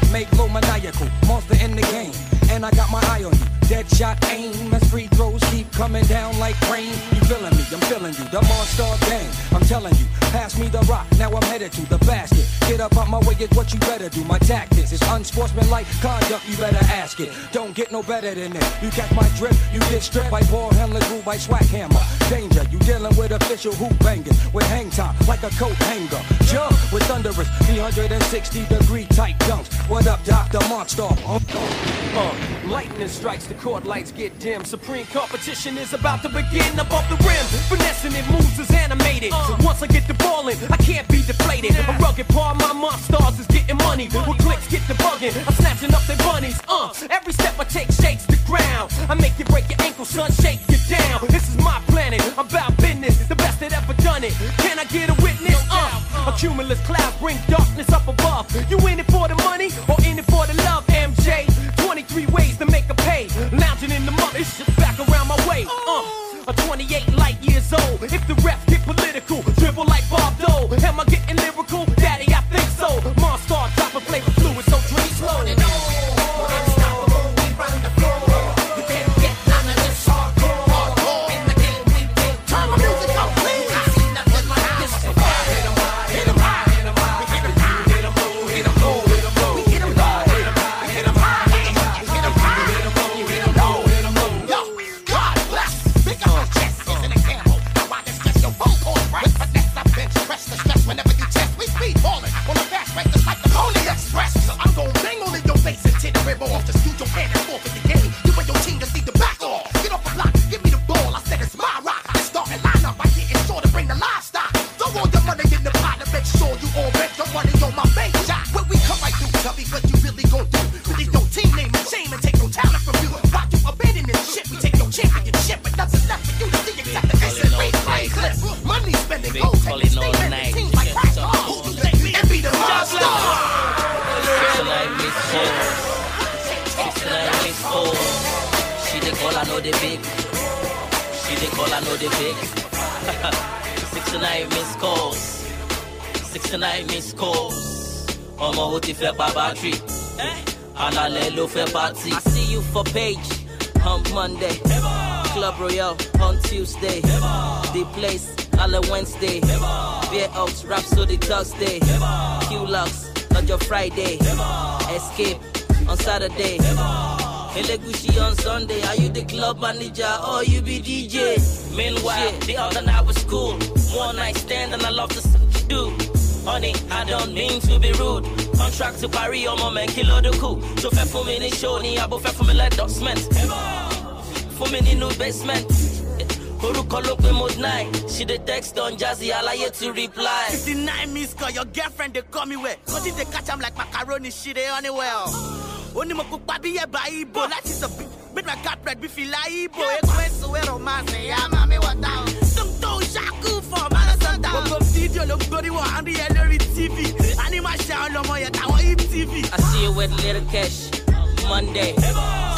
no better than it. You catch my drip. you get stripped by Paul Henley, ruled by swag hammer. Danger, you dealing with official hoop bangers with hang time like a coat hanger. Jump with thunderous 360 degree tight dunks. What up, Dr. Monster? Uh, uh, uh, lightning strikes, the court lights get dim. Supreme competition is about to begin above the rim. Finessing it moves is animated. Uh, Once I get the ball in, I can't be deflated. Nah. A rugged part, my monsters is getting money. money With clicks, get the bugging. I'm snatching up their bunnies. Uh. uh, every step I take shakes the ground. I make you break your ankle, son, shake you down. This is my planet, I'm about business. The best that ever done it. Can I get a witness? Uh, a cumulus cloud brings darkness up above. You in battery. Alalẹ ló fẹ́ party. I see you for page on Monday. Club Royal on Tuesday. The place on Wednesday. Beer Oaks Rhapsody Thursday. Q-Lux your Friday. Escape on Saturday. Elegushi on Sunday. Are you the club manager or you be DJ? Meanwhile, the other night was cool. One night stand and I love to do. Honey, I don't mean to be rude. On track to Paris, ọmọ mẹ́ kí ló dúkù. Ṣo fẹ́ fún mi ní ṣó ni àbò fẹ́ fún mi lẹ́dọ̀sment? Fún mi nínú basement. Orúkọ ló pé mode nine. She the text on Jazzy I Alaye to reply. Fifty nine miss call your girlfriend they call me where? Cause if they catch am like macaroni, she dey on it well. Onímọ̀kú pàbí yẹ̀ bá ibo a bit, make my cat bread be fila ibo. Ekwe sowero ma se Little Cash, Monday,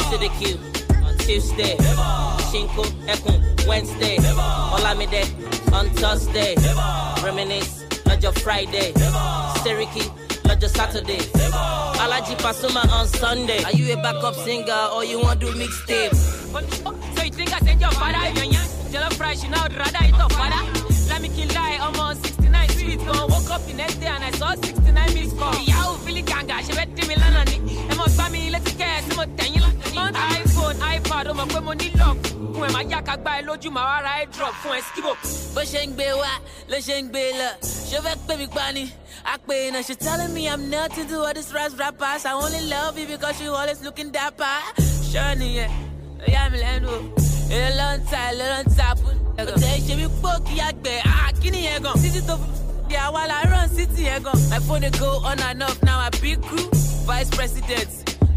CityQ, Tuesday, Shinko Ekun, Wednesday, Olamide, on Thursday, Reminisce, Lodge Friday, Seriki, Lodge Saturday, Alaji Pasuma on Sunday. Are you a backup singer or you want to mixtape? So you think I send your father you're young? Tell a price, you know, rather it's a father. Let me kill that. mo ní love fún ẹ máa yá ká gbá ẹ lójú màá wá ra ẹ drop fún I skip bó ṣe ń gbé wá ló ṣe ń gbé lọ ṣó fẹ́ pè mí pa ni. Akpe now she telling me I'm not to do all these rap rappers. I only love you because you always looking dapper. Shiny, yeah, yeah, me lendo. In a long time, long time, put Today she be pokey akbe. Ah, kini egon. City to yeah, while I run city egon. My phone they go on and off now. I be crew, vice president,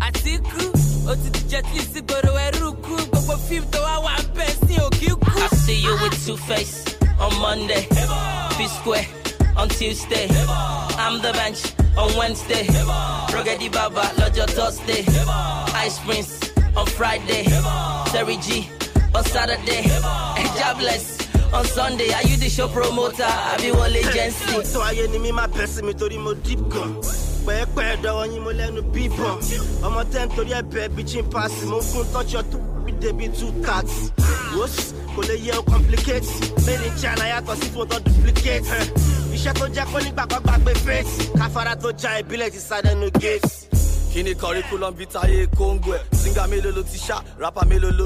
I see crew ó ti jet list gbòòrò ẹrú kú gbogbo fíìmù tó wá wà bẹ́ẹ̀ sí òkú kú. I see you with two face on Monday, B square on Tuesday, I'm the bench on Wednesday, Rogedi Baba lọ́jọ́ Thursday, Ice Prince on Friday, Terry G on Saturday, Jobless on Sunday, are you the show promoter? Àbí wọlé jẹ́nsì. agency. So I mi máa bẹ́ sí mi torí mo deep gan. pẹ́ẹ́pẹ́ dọ̀wọ́ yín mo lẹ́nu bíbọ̀ ọmọ tẹ́ ń torí ẹ̀bẹ̀ bíi chimpanzee mo gún tọ́jọ́ tó bí débi two thirty wọ́s kò lè yẹ o complicate made in China yàtọ̀ sí fún tó duplicate iṣẹ́ tó jẹ́ kó nígbà kan gbàgbé faith káfárá tó já ìbílẹ̀ ti sádẹ́nu gate kíni curriculum vitae ayé kóńgò ẹ̀ singer mélòó ló ti ṣá rapper mélòó ló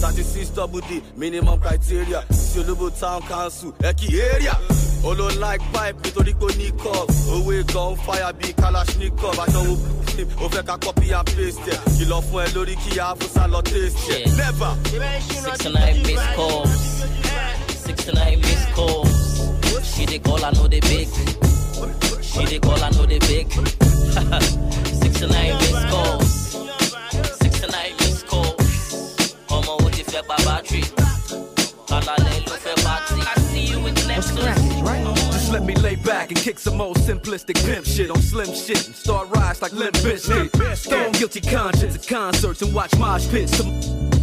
thirty six double d minimum criteria ti olóbó town council ẹ kì í area. Olo like pipe nítorí pé ní cup. Owó gan fire bíi Kalashnikov. Aṣọ wo o fẹ́ ka copy and paste Kìlọ̀ fún ẹ lórí kí Afusa lọ taste ẹ̀. Never. Six to nine miss calls. Six to nine miss calls. She dey call, I know they big. She dey call, I know they big. Six to nine miss calls. Six to nine miss calls. Ọmọ wo ti fẹ́ pa battery? Kálálẹ̀. let me lay back and kick some old simplistic pimp shit on slim shit and start rise like Limp Bizkit. Stone guilty conscience at concerts and watch mosh pits. Some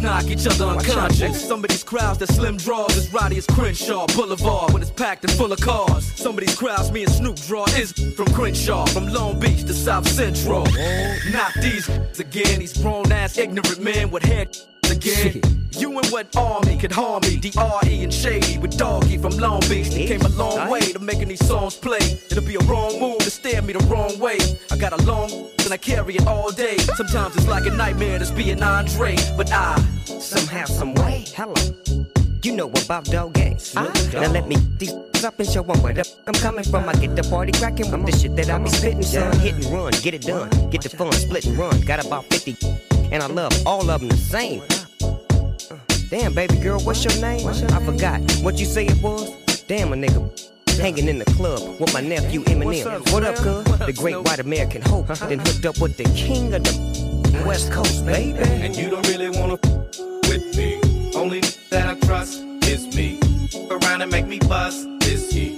knock each other unconscious. Some of these crowds that slim draws is rowdy as Crenshaw Boulevard when it's packed and full of cars. Some of these crowds me and Snoop draw is from Crenshaw, from Long Beach to South Central. Not these again, these grown ass ignorant men with hair again. You and what army could harm me? DRE and Shady with Doggy from Long Beach. They came a long way to making these songs play. It'll be a wrong move to stare me the wrong way. I got a long and I carry it all day. Sometimes it's like a nightmare just being Andre, but I somehow, some way. Hello. You know about Doggy. Ah. Now let me these up and show them where the f- I'm coming from. I get the party cracking with the shit that I be spitting, son. Hit and run, get it done. Get the fun, split and run. Got about 50 and I love all of them the same. Uh, damn, baby girl, what's your name? I forgot what you say it was. Damn, a nigga hanging in the club with my nephew Eminem. What's up, what up, girl? The great white American hope. Huh? Then hooked up with the king of the West Coast, baby. And you don't really wanna with me. Only that I trust is me. Around and make me bust is you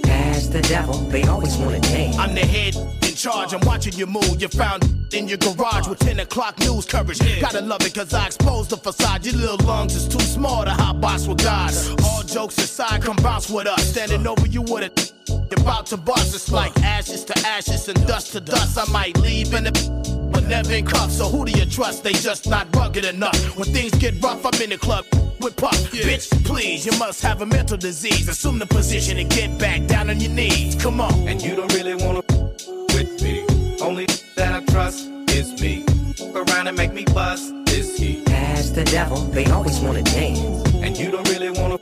the devil, they always want a name. I'm the head in charge, I'm watching you move. You found in your garage with 10 o'clock news coverage. Gotta love it, cause I exposed the facade. Your little lungs is too small to hot box with God. All jokes aside, come bounce with us. Standing over you with a about to bust. It's like ashes to ashes and dust to dust. I might leave in the never in cuffs, so who do you trust? They just not rugged enough. When things get rough, I'm in the club with puff. Yeah. Bitch, please, you must have a mental disease. Assume the position and get back down on your knees. Come on. And you don't really wanna with me. Only that I trust is me. Around and make me bust is he. As the devil, they always wanna dance. And you don't really wanna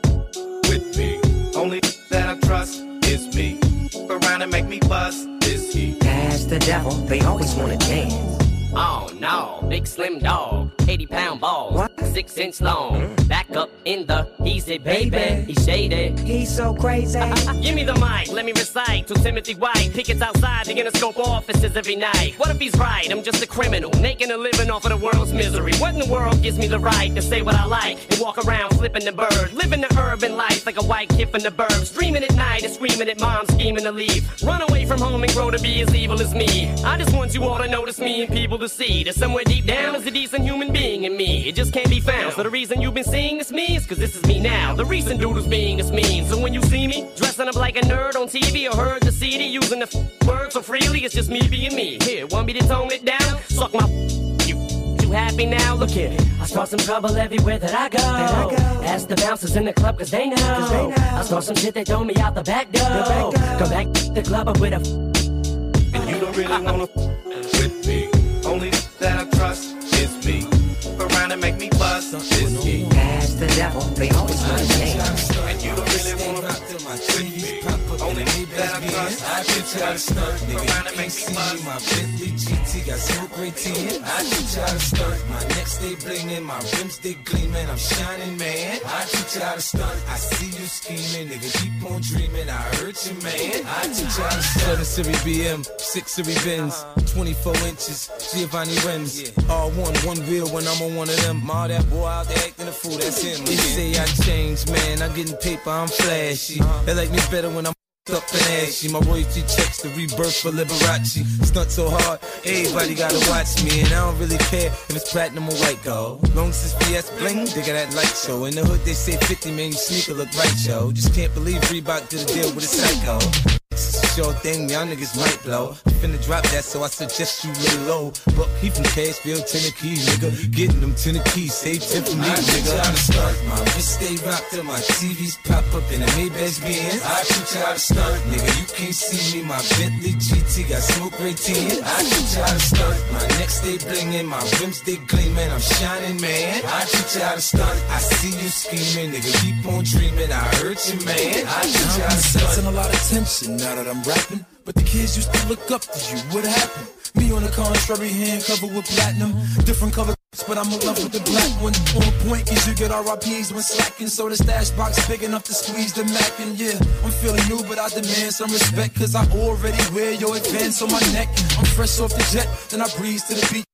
with me. Only that I trust is me. Around and make me bust is he. As the devil, they always wanna dance. Oh no, big slim dog, 80 pound balls. What? six inch long. Back up in the he's a baby. he's shaded. He's so crazy. Give me the mic, let me recite to Timothy White. Pickets outside, they're gonna scope offices every night. What if he's right? I'm just a criminal, making a living off of the world's misery. What in the world gives me the right to say what I like and walk around flipping the bird? Living the urban life like a white kid from the burbs. Dreaming at night and screaming at mom, scheming to leave. Run away from home and grow to be as evil as me. I just want you all to notice me and people to see that somewhere deep down is a decent human being in me. It just can't be found. So the reason you've been seeing this means, cause this is me now. The reason doodles being this mean. So when you see me dressing up like a nerd on TV or heard the CD using the f- word so freely, it's just me being me. Here, want me to tone it down? Suck my Too happy now. Look at it. I start some trouble everywhere that I go. I go. Ask the bouncers in the club, cause they know. Cause they know. I start some shit, they throw me out the back door. The back door. Come back to the club up with a. F- and you don't really wanna f- with me. Only that I trust is me around and make me bust some shit. Ask the devil, they always want to change. And you don't really want to my Only that I trust. I shoot you out stunt, nigga. Around and make me My Bentley GT got smoke great tea. I do try to stunt. My necks they blingin', my rims they gleamin'. I'm shining, man. I do try to stunt. I see you scheming, nigga. Keep on dreaming. I heard you, man. I do try to stunt. Seven Siri BM, six Siri Benz, uh-huh. 24 inches, Giovanni rims. Yeah. All one, one wheel when I'm on one of them. All that boy out there acting a fool, that's him. They say I changed, man. I'm getting paper, I'm flashy. Uh-huh. They like me better when I'm up Fanashi. My royalty checks the rebirth for Liberace. Stunt so hard, everybody gotta watch me. And I don't really care if it's platinum or white gold. Long as BS bling, they got that light show. In the hood, they say 50 man, you sneaker look right, yo. Just can't believe Reebok did a deal with a psycho. It's a sure thing, y'all niggas might blow. I'm finna drop that, so I suggest you lay low. But he from Cashville, keys, nigga. Getting them Tennessee, save tip from me, nigga. I to stunt, my wrist stay rocked up, my TVs pop up in a Maybach Benz. I shoot y'all to stunt, nigga. You can't see me, my Bentley GT got smoke ray tin. I shoot y'all to stunt, my neck stay blingin', my rims they gleamin', I'm shining, man. I shoot y'all to stunt, I see you scheming, nigga. Keep on dreamin', I hurt you, man. I shoot y'all to stunt. I'm a lot of tension now now that I'm rapping. But the kids used to look up to you. What happened? Me on the contrary, hand covered with platinum. Different color, but I'm in love with the black one. On point, cause you get RIPs when slacking. So the stash box big enough to squeeze the Mac. And yeah, I'm feeling new, but I demand some respect. Cause I already wear your advance on my neck. I'm fresh off the jet, then I breeze to the beat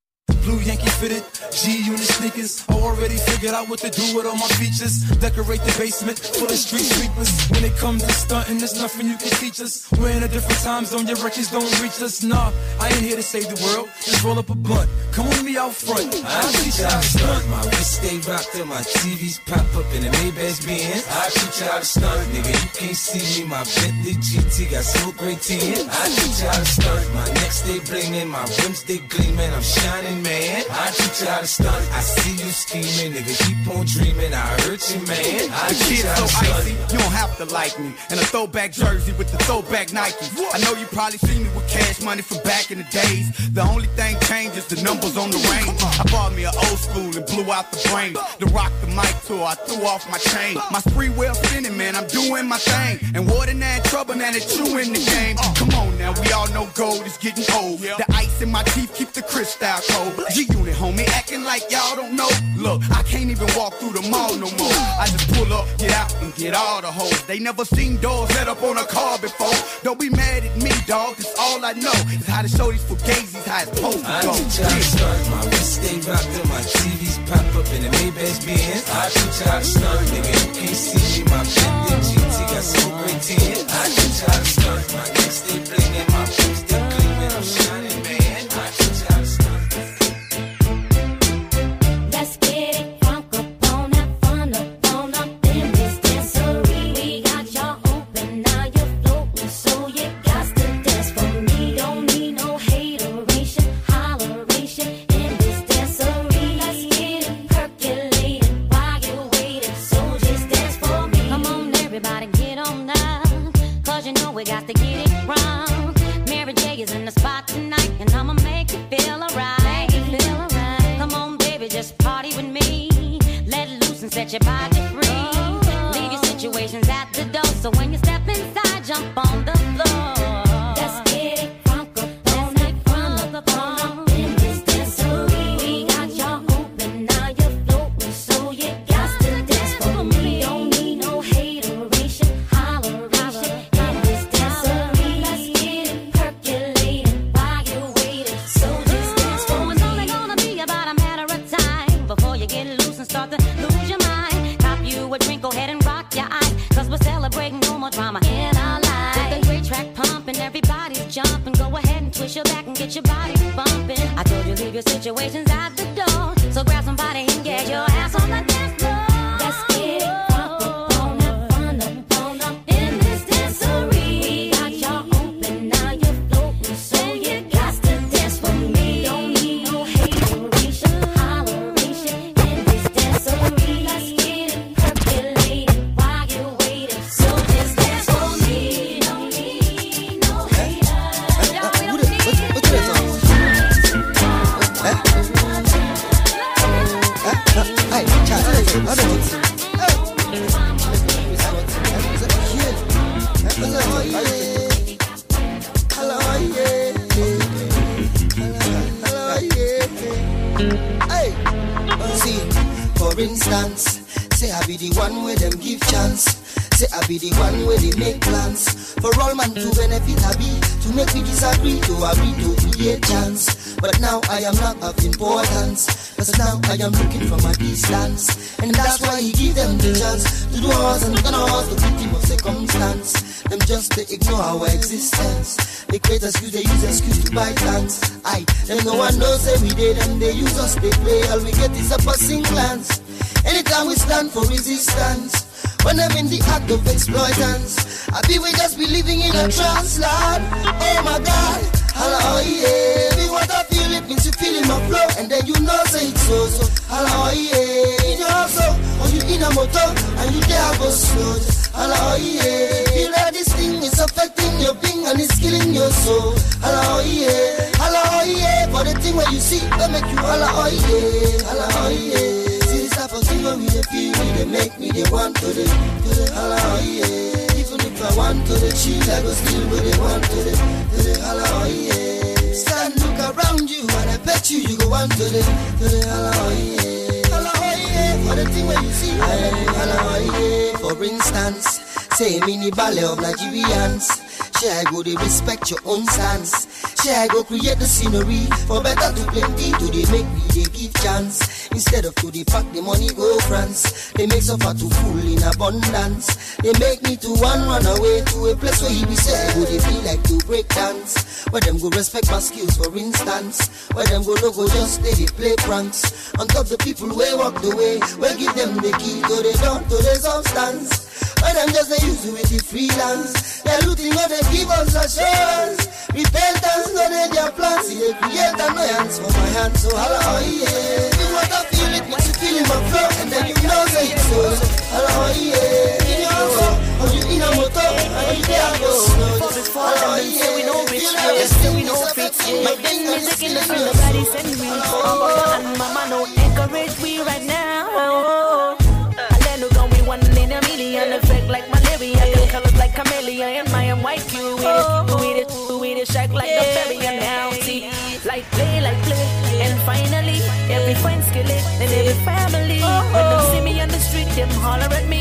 blue Yankee fitted, G unit sneakers. I already figured out what to do with all my features. Decorate the basement for the street sweepers. When it comes to stunting, there's nothing you can teach us. We're in a different time zone, your records don't reach us. Nah, I ain't here to save the world. Just roll up a blunt. Come with me out front. I teach you how to stunt. My wrist stay rocked till my TVs pop up in the Maybach's being. I teach you how to stunt, nigga. You can't see me. My Bentley GT got smoke gray tea I teach you how to stunt. My neck stay blingin', my rims they gleamin'. I'm shining, man man. I teach you how to stunt. I see you scheming, nigga. Keep on dreaming. I hurt you, man. I teach you how to so stunt. Icy, you don't have to like me. And a throwback jersey with the throwback Nike. I know you probably see me with cash money from back in the days. The only thing changes the numbers on the range. I bought me an old school and blew out the brain. To rock the mic tour, I threw off my chain. My spree well spinning, man. I'm doing my thing. And what in that trouble, now that you in the game. Come on now, we all know gold is getting old. The ice in my teeth keep the crystal cold. G Unit, homie, acting like y'all don't know. Look, I can't even walk through the mall no more. I just pull up, get out, and get all the hoes. They never seen doors set up on a car before. Don't be mad at me, dog. Cause all I know is how to show these fugazis how it's supposed to go. I teach how to stunt, my wrist stay rocked up, my TVs pop up in the Maybach Benz. I shoot how to stunt, nigga, you can't see me, my 50 GT got so great I teach try to stunt, my go create the scenery for better to plenty. To they make me they give chance instead of to they pack the money go France. They make suffer to full in abundance. They make me to one run away to a place where he be say go they feel like to break dance. Where them go respect my skills for instance. Where them go no go just stay they play pranks on top the people way walk the way. Where give them the key to the door to the substance. But them just they use with the freelance. They're looting what they give us assurance. Repent plans, no, they your plans. Yeah, create annoyance for my hands. so hello, oh, yeah. him holler at me.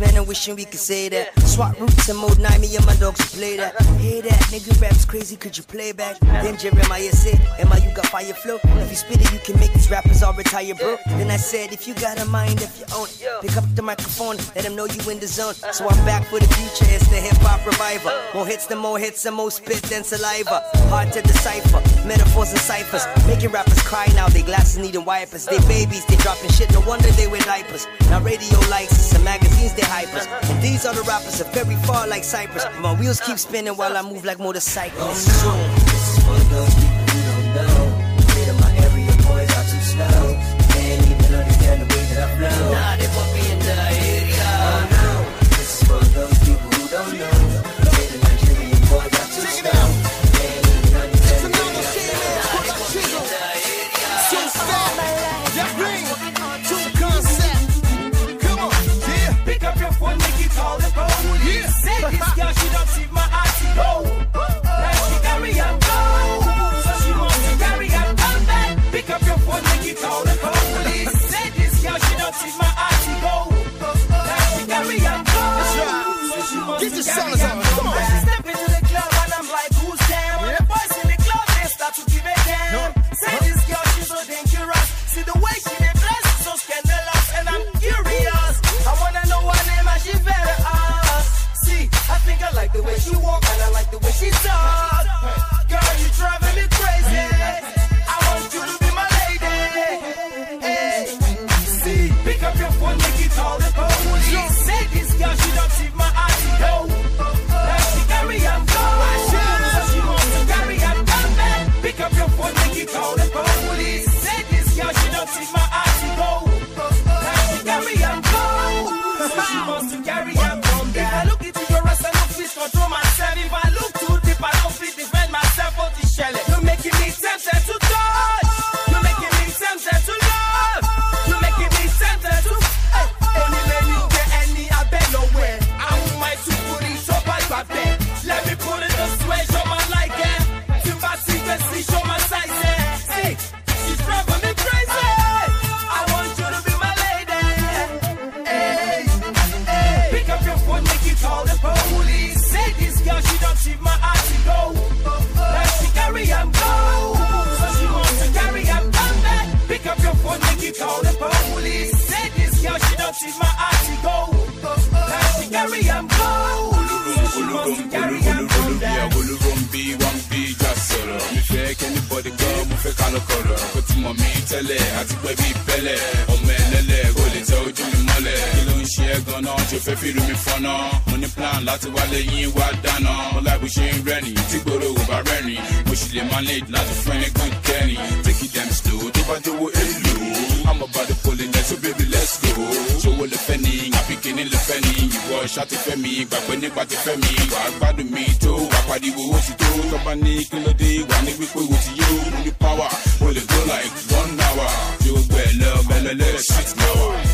movement and wishing we could say that. Swap roots and mode 9, me and my dogs play that. Hey that, nigga raps crazy, could you play back? Then Jeremiah said, Emma, you got fire flow. If you spit it, you can make these rappers all retire, bro. Then I said, if you got a mind of your own, pick up the microphone, let them know you in the zone. So I'm back for the future, it's the hip hop revival. More hits than more hits and more spit than saliva. Hard to decipher, metaphors and ciphers. Making rappers cry now, they glasses needing wipers. They babies, they dropping shit, no wonder they wear diapers. Now radio likes us, and magazines they hype and These other rappers are very far like Cypress. My wheels keep spinning while I move like motorcycles. up. She's my auntie gold. Now she carry I'm gold. She wants to carry I'm gold. Yeah, gulu rum be one be just solo. Mi fẹ́ kẹ́ni bọ́dí gan, mo fẹ́ kálọ̀ kọ̀rọ̀. Kò tí mọ̀ mi tẹ́lẹ̀, àti pẹ́ bí bẹ́lẹ̀, ọmọ ẹlẹ́lẹ̀ tẹ ojú mi mọ́lẹ̀ kí ló ń ṣe é ganan fẹ́ mi fọ́nà mo ní plan láti wálé yín wá dáná mo láìpẹ́ ṣe ń rẹ́rìn tí gbòòrò ò bá rẹ́rìn mo sì lè manage láti fún ẹni kẹrin take slow tó bá jówó èlò i'm about to pull it out, so baby let's go ṣòwò lè fẹ́ ni lè fẹ́ ni ìwọ fẹ́ mi gbàgbé nípa ti fẹ́ mi wà á gbádùn mi tó wà pariwo ó ti tó tọ́ba ní kí ló dé wà ní wípé o ti to toba ni ki lo de wa ni wipe ti yo mo ní power mo lè go like one hour gbẹ lọ bẹlẹ lẹ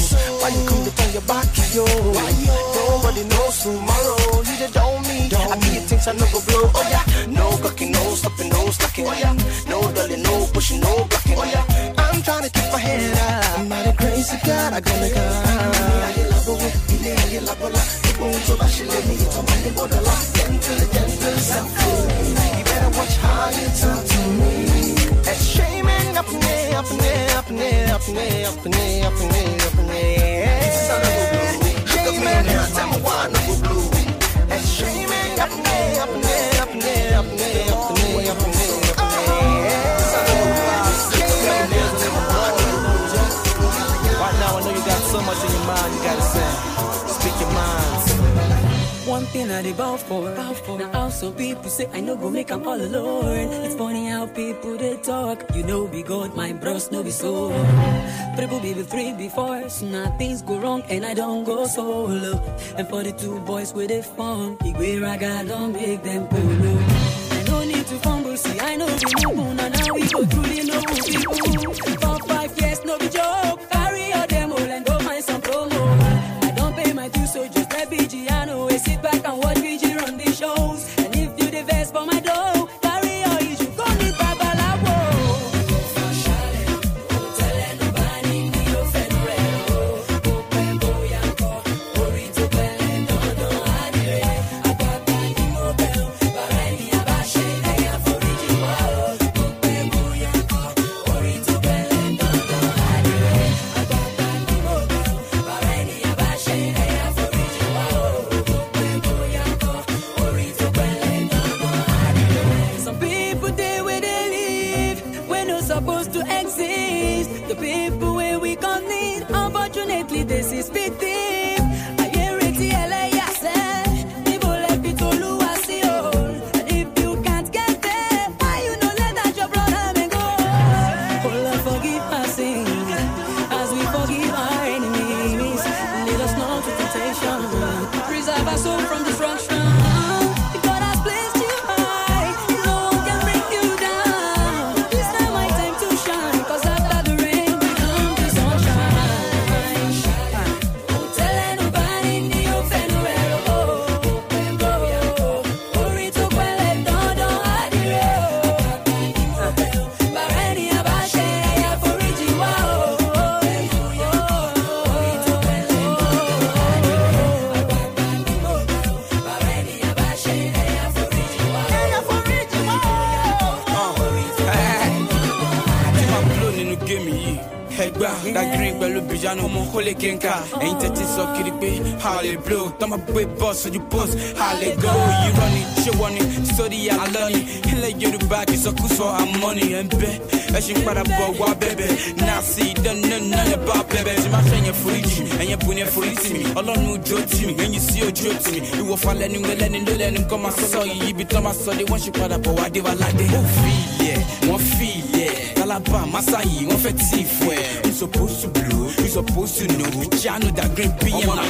yo. Nobody knows tomorrow. You just don't me. I be your things I no go blow. Oh yeah. No cocking, no stopping, no slacking. Oh yeah. No darling, no pushing, no blocking. Oh yeah. I'm trying to keep my head up. Am ah. the grace of God, I gonna go. You better watch how you talk to me. It's shaming up in there, up in there, up in and up in there, up in there. I dey bow for. Bow for. Now also people say I know go make i all alone. It's funny how people they talk. You know be God, my bros no be so. Triple be three before, so now things go wrong and I don't go solo. And for the two boys with they form, Igwe Raga don't make them pull. I no need to fumble, see I know we the moon and now we go truly know people. Ain't that tẹ́tí sọ kiri pé hallelujah tọ́mọ gbé bọ́ You post hallelujah yìí rọ ni ṣé wọ́n you the àlọ́ ni ilẹ̀ yorùbá kì í sọkúsọ àmọ́ ni ẹ̀ ń bẹ́ ẹ ṣe ń padà bọ̀ wá bẹ̀bẹ̀ náà sí ìdánilẹ́nulẹ̀ bá bẹ̀bẹ̀ tí máa ṣẹ̀yìn foríjì ẹ̀yìn bùnẹ̀ forí tì mí ọlọ́run ojú tì mí ẹ̀yìn sí ojú tì mí ìwọ falẹ́nu ẹlẹ́ni lọ́lẹ́nu kọ́ máa sọ yìí ibi tọ́ máa sọ dé wọ́n ṣe padà bọ̀ wá dé wa ládé. mi you falenu to me ko you so yii joke to maa so de won se pada bo wa de wa like they fi feel yeah fi feel Calabar, Masai, on fait si fouet. Ils s'opposent sous blue, ils s'opposent sous nous. Tiens, da green on a of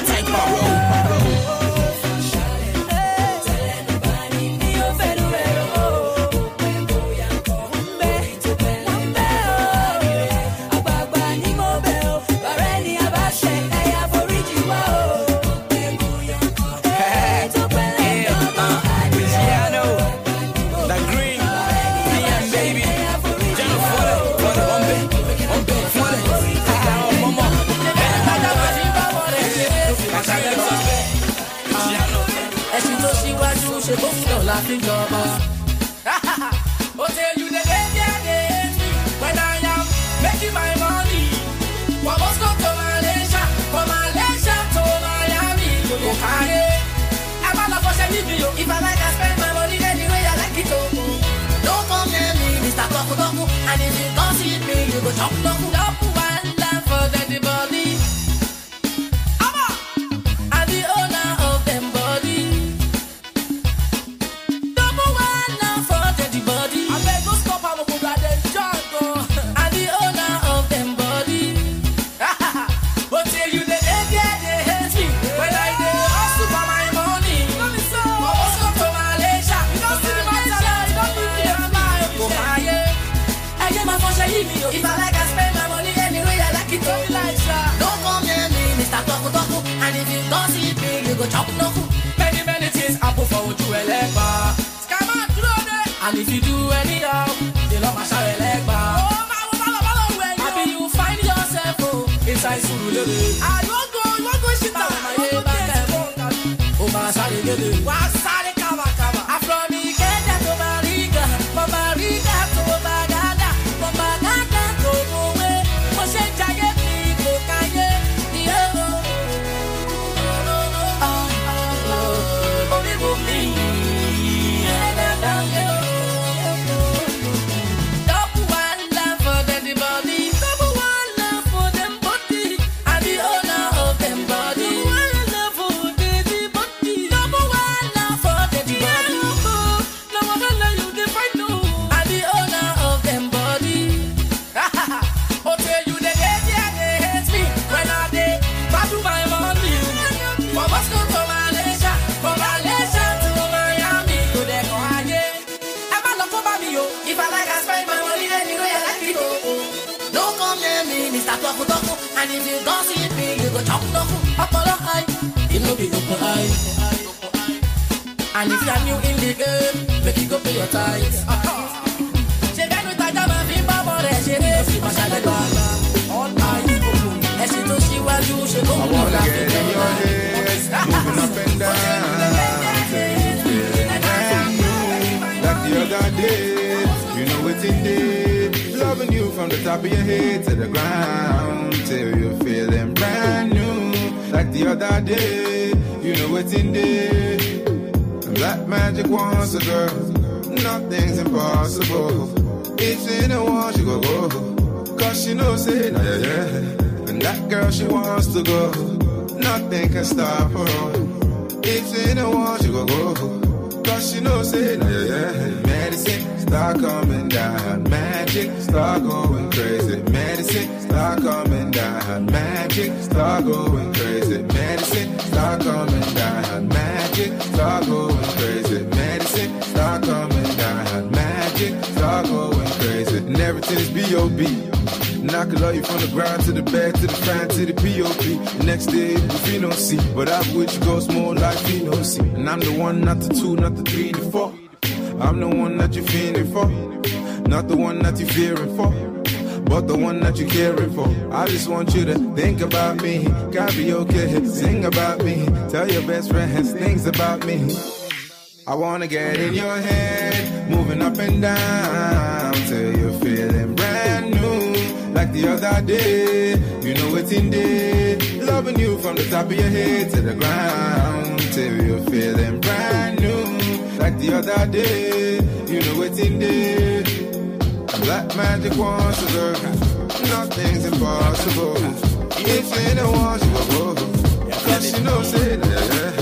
And if you do anyhow, they love my shower leg bow. Oh, follow, follow, follow where you. Happy you find yourself oh, inside Surulere. I don't go, you won't go shit I go Oh, my sáré gèdè. Wàá the make you go pay your tithes. Moving up and down. Like the other day, you know Loving you from the top of your head to the ground till you're feeling brand new. Like the other day, you know it's in day. Black magic wants a girl. Nothing's impossible. If she don't want, she go go. Cause she knows it, nah, yeah, yeah. And that girl, she wants to go. Nothing can stop her. If she don't want, she go go. Cause she knows it, nah, yeah, yeah. Medicine start coming down. Magic start going crazy. Medicine start coming down. Magic start going crazy. Medicine start coming down. and B.O.B. Knock I could love you from the grind to the back to the fan to the P.O.P. Next day, if you don't see, but I wish goes more like you know see. And I'm the one, not the two, not the three, the four. I'm the one that you're feeling for, not the one that you're fearing for but the one that you are caring for. I just want you to think about me, gotta be okay. Sing about me, tell your best friends things about me. I wanna get in your head, moving up and down till you feel it like the other day. You know it's in day. Loving you from the top of your head to the ground. Till you're feeling brand new. Like the other day. You know it's in day. Black magic wants to work. Nothing's impossible. If anyone, she go. Cause she knows it.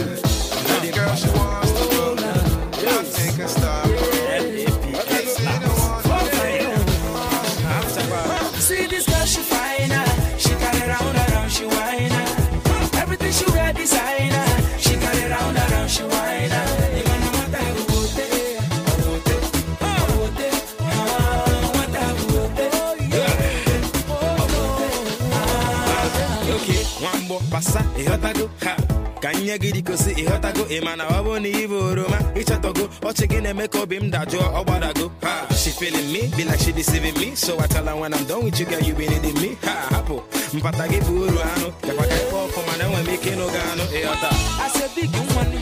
onye gị dịkosi ịghọtago ị mana ọ bụ na ịbụ oroma ịchọtago ọchị gị na-eme ka obi m dajụọ ọ gbadago ha she feeling me be like she deceiving me so I tell her when I'm done with you girl you be needing me ha hapụ mpata gị bụ uru anụ gakwa ka ịkpọ ọkụ mana enwe m ike ịnụga anụ ịghọta I say big money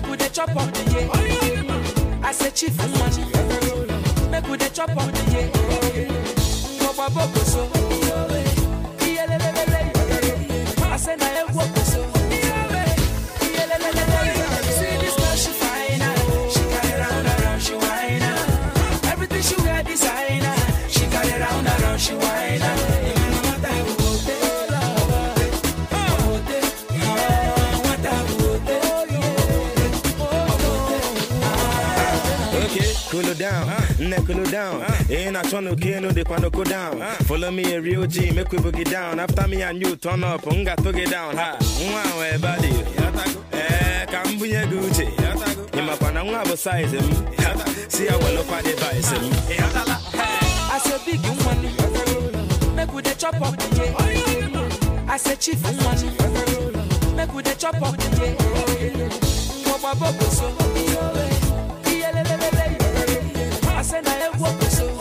make chop up the chief money make chop up the year ngọgba bokoso ihe lelelele I say na egwu ọkụ Neckolo down, uh, down. Uh, Ain't I trying to kill no the down. Uh, Follow me a real G, make we boogie down. After me and you turn up, to get down. Ha, wow, everybody. Eh, kambunye gucci. Ima pana unga bo size him. See I well up a device him. I say big m. make we the chop up the day. I say chief make we the chop up the day. I said I have what so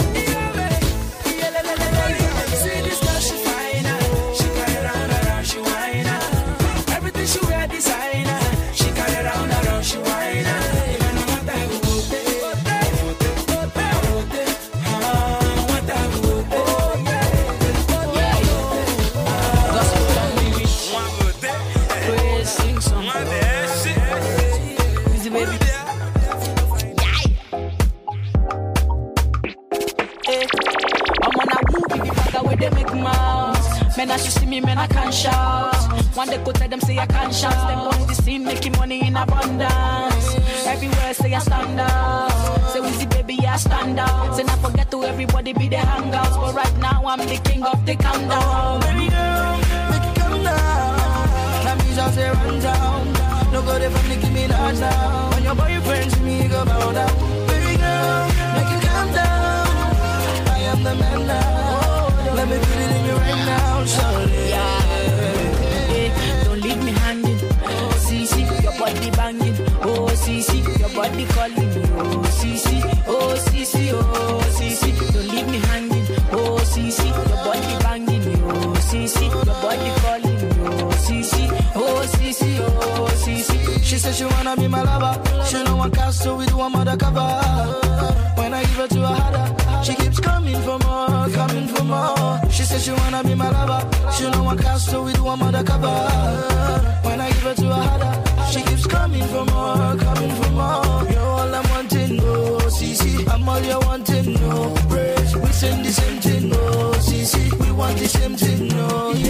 I can't shout. One day could tell them say I can't shout. Step on the scene, making money in abundance. Everywhere say I stand out. Say Wizzy baby, I stand out. Say not forget to everybody be the hangouts. But right now I'm the king of the countdown. Oh, baby girl, make it come down. Let me just say run down. No go there for me, give me large now. When your boyfriend see me, go bow down. Baby girl, make it come down. I am the man now. Let me put it in you right now, shawty. Yeah. don't leave me hanging. Oh, CC, your body banging. Oh, CC, your body calling. Oh, CC, oh, CC, oh, CC, don't leave me hanging. Oh, CC, your body banging. Oh, CC, your body calling. Oh, CC, oh, CC, oh, CC. She said she wanna be my lover. She know I cast her with one mother cover. When I give her to a harder. She keeps coming for more, coming for more. She says she wanna be my lover. She know I can't stay with one mother cover. When I give her to a harder, she keeps coming for more, coming for more. You're all I'm wanting, oh, CC. I'm all you're wanting, no. Oh, Praise, we send the same thing, no oh, CC. We want the same thing, no. Oh,